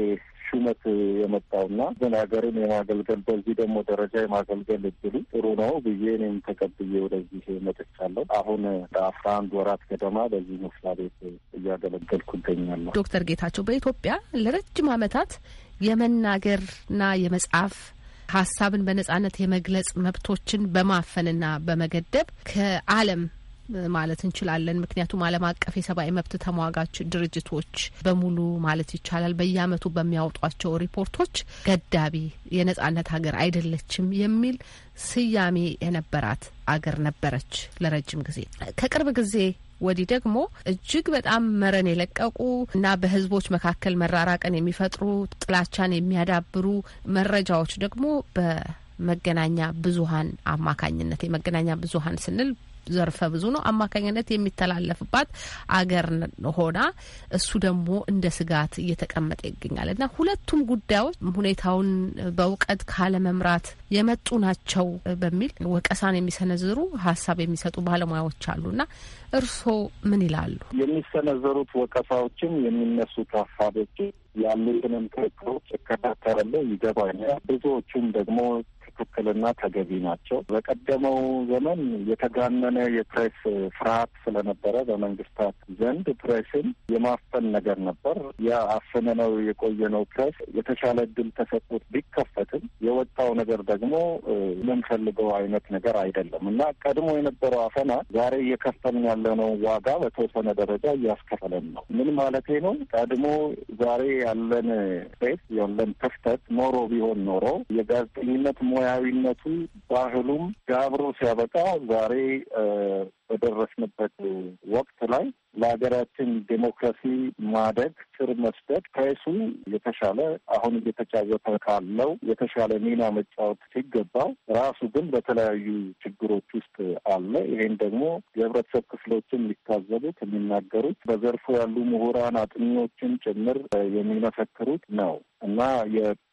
Q: ሹመት የመጣውና ግን ሀገርን የማገልገል በዚህ ደግሞ ደረጃ የማገልገል እድሉ ጥሩ ነው ብዬ እኔም ተቀብዬ ወደዚህ መጥቻለሁ። አሁን አስራ አንድ ወራት ገደማ በዚህ መስሪያ ቤት እያገለገልኩ ይገኛለሁ።
P: ዶክተር ጌታቸው በኢትዮጵያ ለረጅም ዓመታት የመናገርና የመጻፍ ሀሳብን በነጻነት የመግለጽ መብቶችን በማፈንና በመገደብ ከዓለም ማለት እንችላለን። ምክንያቱም ዓለም አቀፍ የሰብአዊ መብት ተሟጋች ድርጅቶች በሙሉ ማለት ይቻላል በየአመቱ በሚያወጧቸው ሪፖርቶች ገዳቢ የነጻነት ሀገር አይደለችም የሚል ስያሜ የነበራት አገር ነበረች ለረጅም ጊዜ። ከቅርብ ጊዜ ወዲህ ደግሞ እጅግ በጣም መረን የለቀቁ እና በህዝቦች መካከል መራራቅን የሚፈጥሩ ጥላቻን የሚያዳብሩ መረጃዎች ደግሞ በ መገናኛ አማካኝነት የመገናኛ ብዙሀን ስንል ዘርፈ ብዙ ነው አማካኝነት የሚተላለፍባት አገር ሆና እሱ ደግሞ እንደ ስጋት እየተቀመጠ ይገኛል እና ሁለቱም ጉዳዮች ሁኔታውን በእውቀት ካለመምራት የመጡ ናቸው በሚል ወቀሳን የሚሰነዝሩ ሀሳብ የሚሰጡ ባለሙያዎች አሉና እርስዎ ምን ይላሉ?
Q: የሚሰነዘሩት ወቀሳዎችም የሚነሱት ሀሳቦች ያሉትንም ክርክሮች እከታተላለሁ፣ ይገባኛል። ብዙዎቹም ደግሞ ትክክልና ተገቢ ናቸው። በቀደመው ዘመን የተጋነነ የፕሬስ ፍርሃት ስለነበረ በመንግስታት ዘንድ ፕሬስን የማፈን ነገር ነበር። የአፈነ ነው የቆየነው ፕሬስ የተሻለ እድል ተሰጥቶት ቢከፈትም የወጣው ነገር ደግሞ የምንፈልገው አይነት ነገር አይደለም እና ቀድሞ የነበረው አፈና ዛሬ እየከፈልን ያለነው ዋጋ በተወሰነ ደረጃ እያስከፈለን ነው። ምን ማለቴ ነው? ቀድሞ ዛሬ ያለን ፕሬስ ያለን ክፍተት ኖሮ ቢሆን ኖሮ የጋዜጠኝነት ሙያ ሙያዊነቱም ባህሉም ጋብሮ ሲያበቃ ዛሬ በደረስንበት ወቅት ላይ ለሀገራችን ዴሞክራሲ ማደግ ስር መስደድ ከሱ የተሻለ አሁን እየተጫወተ ካለው የተሻለ ሚና መጫወት ሲገባው ራሱ ግን በተለያዩ ችግሮች ውስጥ አለ። ይሄን ደግሞ የህብረተሰብ ክፍሎችን የሚታዘቡት የሚናገሩት፣ በዘርፉ ያሉ ምሁራን አጥኚዎችን ጭምር የሚመሰክሩት ነው። እና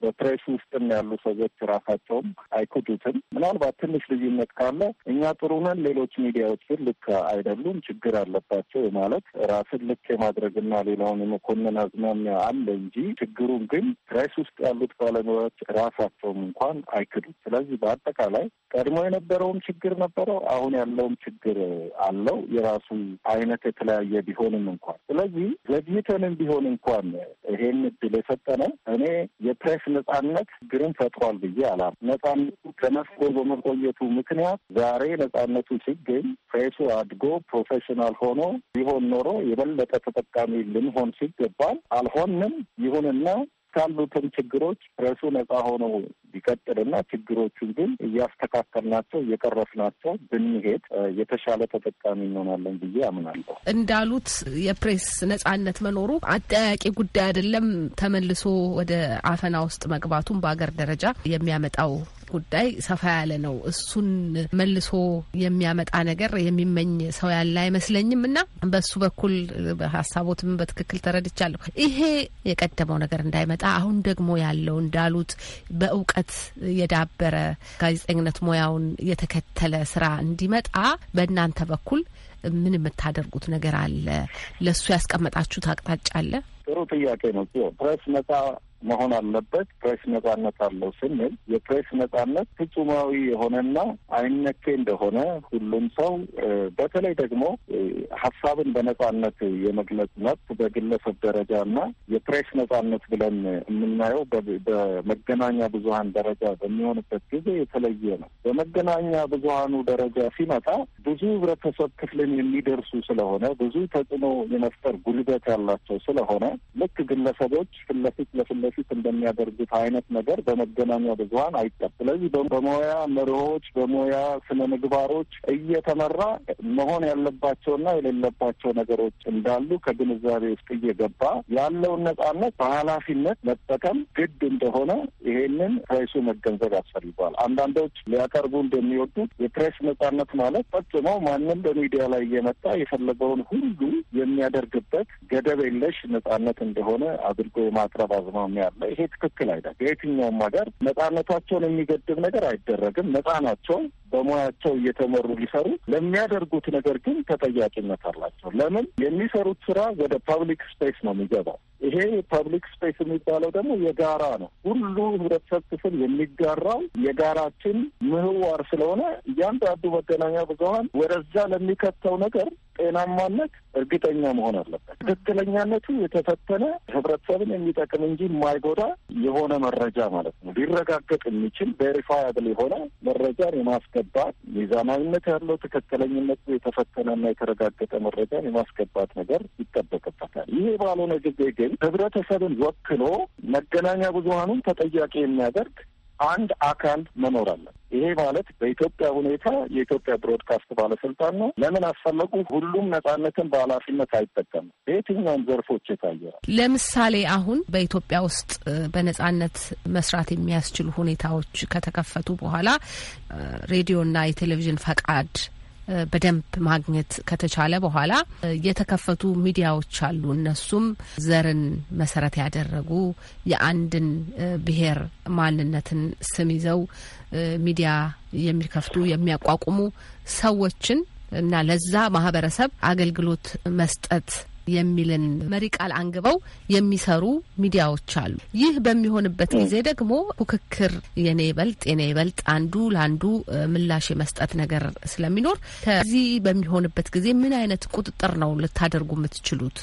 Q: በፕሬስ ውስጥም ያሉ ሰዎች ራሳቸውም አይክዱትም። ምናልባት ትንሽ ልዩነት ካለ እኛ ጥሩ ነን፣ ሌሎች ሚዲያዎች ግን ልክ አይደሉም፣ ችግር አለባቸው ማለት ራስን ልክ የማድረግና ሌላውን የመኮንን አዝማሚያ አለ እንጂ ችግሩን ግን ፕሬስ ውስጥ ያሉት ባለሙያዎች ራሳቸውም እንኳን አይክዱት። ስለዚህ በአጠቃላይ ቀድሞ የነበረውም ችግር ነበረው፣ አሁን ያለውም ችግር አለው የራሱ አይነት የተለያየ ቢሆንም እንኳን ስለዚህ ዘግይተንም ቢሆን እንኳን ይሄን እድል የሰጠነ እኔ እኔ የፕሬስ ነጻነት ግርም ፈጥሯል ብዬ አላም ነጻነቱ ተነፍቆ በመቆየቱ ምክንያት ዛሬ ነጻነቱ ሲገኝ ፕሬሱ አድጎ ፕሮፌሽናል ሆኖ ቢሆን ኖሮ የበለጠ ተጠቃሚ ልንሆን ሲገባል አልሆንም። ይሁንና ካሉትም ችግሮች ርዕሱ ነጻ ሆኖ ቢቀጥልና ችግሮቹን ግን እያስተካከልናቸው እየቀረፍናቸው ብንሄድ የተሻለ ተጠቃሚ እንሆናለን ብዬ አምናለሁ።
P: እንዳሉት የፕሬስ ነጻነት መኖሩ አጠያቂ ጉዳይ አይደለም። ተመልሶ ወደ አፈና ውስጥ መግባቱን በአገር ደረጃ የሚያመጣው ጉዳይ ሰፋ ያለ ነው። እሱን መልሶ የሚያመጣ ነገር የሚመኝ ሰው ያለ አይመስለኝም እና በሱ በኩል ሀሳቦትም በትክክል ተረድቻለሁ። ይሄ የቀደመው ነገር እንዳይመጣ አሁን ደግሞ ያለው እንዳሉት በእውቀት የዳበረ ጋዜጠኝነት ሙያውን የተከተለ ስራ እንዲመጣ በእናንተ በኩል ምን የምታደርጉት ነገር አለ? ለእሱ ያስቀመጣችሁት አቅጣጫ አለ?
Q: ጥሩ ጥያቄ ነው። ፕሬስ ነጻ መሆን አለበት። ፕሬስ ነጻነት አለው ስንል የፕሬስ ነጻነት ፍጹማዊ የሆነና አይነኬ እንደሆነ ሁሉም ሰው በተለይ ደግሞ ሀሳብን በነጻነት የመግለጽ መብት በግለሰብ ደረጃና የፕሬስ ነጻነት ብለን የምናየው በመገናኛ ብዙሀን ደረጃ በሚሆንበት ጊዜ የተለየ ነው። በመገናኛ ብዙሀኑ ደረጃ ሲመጣ ብዙ ህብረተሰብ ክፍልን የሚደርሱ ስለሆነ ብዙ ተጽዕኖ የመፍጠር ጉልበት ያላቸው ስለሆነ ልክ ግለሰቦች ፊት ለፊት ለፊት በፊት እንደሚያደርጉት አይነት ነገር በመገናኛ ብዙኃን አይጠብ። ስለዚህ በሙያ መሪዎች በሙያ ስነ ምግባሮች እየተመራ መሆን ያለባቸውና የሌለባቸው ነገሮች እንዳሉ ከግንዛቤ ውስጥ እየገባ ያለውን ነጻነት በኃላፊነት መጠቀም ግድ እንደሆነ ይሄንን ፕሬሱ መገንዘብ ያስፈልገዋል። አንዳንዶች ሊያቀርቡ እንደሚወዱት የፕሬስ ነጻነት ማለት ፈጽሞ ማንም በሚዲያ ላይ እየመጣ የፈለገውን ሁሉ የሚያደርግበት ገደብ የለሽ ነጻነት እንደሆነ አድርጎ የማቅረብ አዝማሚያ ያለ። ይሄ ትክክል አይደል። በየትኛውም ሀገር ነጻነቷቸውን የሚገድብ ነገር አይደረግም። ነጻ ናቸው። በሙያቸው እየተመሩ ሊሰሩ ለሚያደርጉት ነገር ግን ተጠያቂነት አላቸው። ለምን የሚሰሩት ስራ ወደ ፐብሊክ ስፔስ ነው የሚገባው። ይሄ ፐብሊክ ስፔስ የሚባለው ደግሞ የጋራ ነው። ሁሉ ህብረተሰብ ክፍል የሚጋራው የጋራችን ምህዋር ስለሆነ እያንዳንዱ መገናኛ ብዙኃን ወደዛ ለሚከተው ነገር ጤናማነት እርግጠኛ መሆን አለበት። ትክክለኛነቱ የተፈተነ ህብረተሰብን የሚጠቅም እንጂ የማይጎዳ የሆነ መረጃ ማለት ነው። ሊረጋገጥ የሚችል ቬሪፋያብል የሆነ መረጃን የማስገባት ሚዛናዊነት ያለው ትክክለኝነቱ የተፈተነና የተረጋገጠ መረጃን የማስገባት ነገር ይጠበቅበታል። ይሄ ባልሆነ ጊዜ ግን ህብረተሰብን ወክሎ መገናኛ ብዙሀኑን ተጠያቂ የሚያደርግ አንድ አካል መኖር አለ። ይሄ ማለት በኢትዮጵያ ሁኔታ የኢትዮጵያ ብሮድካስት ባለስልጣን ነው። ለምን አስፈለጉ? ሁሉም ነጻነትን በኃላፊነት አይጠቀምም። በየትኛውም ዘርፎች የታየ
P: ለምሳሌ አሁን በኢትዮጵያ ውስጥ በነጻነት መስራት የሚያስችሉ ሁኔታዎች ከተከፈቱ በኋላ ሬዲዮና የቴሌቪዥን ፈቃድ በደንብ ማግኘት ከተቻለ በኋላ የተከፈቱ ሚዲያዎች አሉ። እነሱም ዘርን መሰረት ያደረጉ የአንድን ብሔር ማንነትን ስም ይዘው ሚዲያ የሚከፍቱ የሚያቋቁሙ ሰዎችን እና ለዛ ማህበረሰብ አገልግሎት መስጠት የሚልን መሪ ቃል አንግበው የሚሰሩ ሚዲያዎች አሉ። ይህ በሚሆንበት ጊዜ ደግሞ ፉክክር የኔ ይበልጥ የኔ ይበልጥ አንዱ ለአንዱ ምላሽ የመስጠት ነገር ስለሚኖር ከዚህ በሚሆንበት ጊዜ ምን አይነት ቁጥጥር ነው ልታደርጉ የምትችሉት?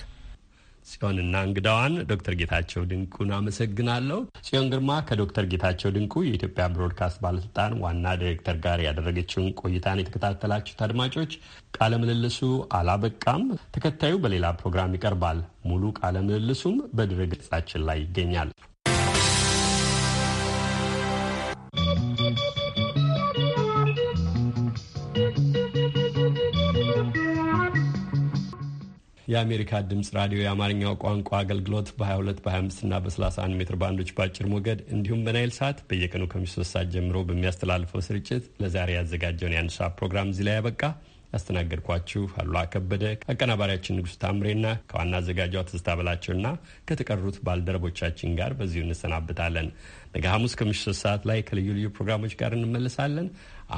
A: ጽዮንና እንግዳዋን ዶክተር ጌታቸው ድንቁን አመሰግናለሁ። ጽዮን ግርማ ከዶክተር ጌታቸው ድንቁ የኢትዮጵያ ብሮድካስት ባለስልጣን ዋና ዲሬክተር ጋር ያደረገችውን ቆይታን የተከታተላችሁት አድማጮች ቃለ ምልልሱ አላበቃም። ተከታዩ በሌላ ፕሮግራም ይቀርባል። ሙሉ ቃለ ምልልሱም በድረ ገጻችን ላይ ይገኛል። የአሜሪካ ድምጽ ራዲዮ የአማርኛው ቋንቋ አገልግሎት በ22 በ25 እና በ31 ሜትር ባንዶች በአጭር ሞገድ እንዲሁም በናይል ሰዓት በየቀኑ ከምሽቱ ሶስት ሰዓት ጀምሮ በሚያስተላልፈው ስርጭት ለዛሬ ያዘጋጀውን የአንድ ሰዓት ፕሮግራም እዚህ ላይ ያበቃ። ያስተናገድኳችሁ አሉላ ከበደ ከአቀናባሪያችን ንጉሥ ታምሬና ከዋና አዘጋጇ ትዝታ በላቸውና ከተቀሩት ባልደረቦቻችን ጋር በዚሁ እንሰናብታለን። ነገ ሐሙስ ከምሽቱ ሶስት ሰዓት ላይ ከልዩ ልዩ ፕሮግራሞች ጋር እንመለሳለን።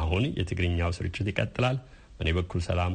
A: አሁን የትግርኛው ስርጭት ይቀጥላል። በእኔ በኩል ሰላም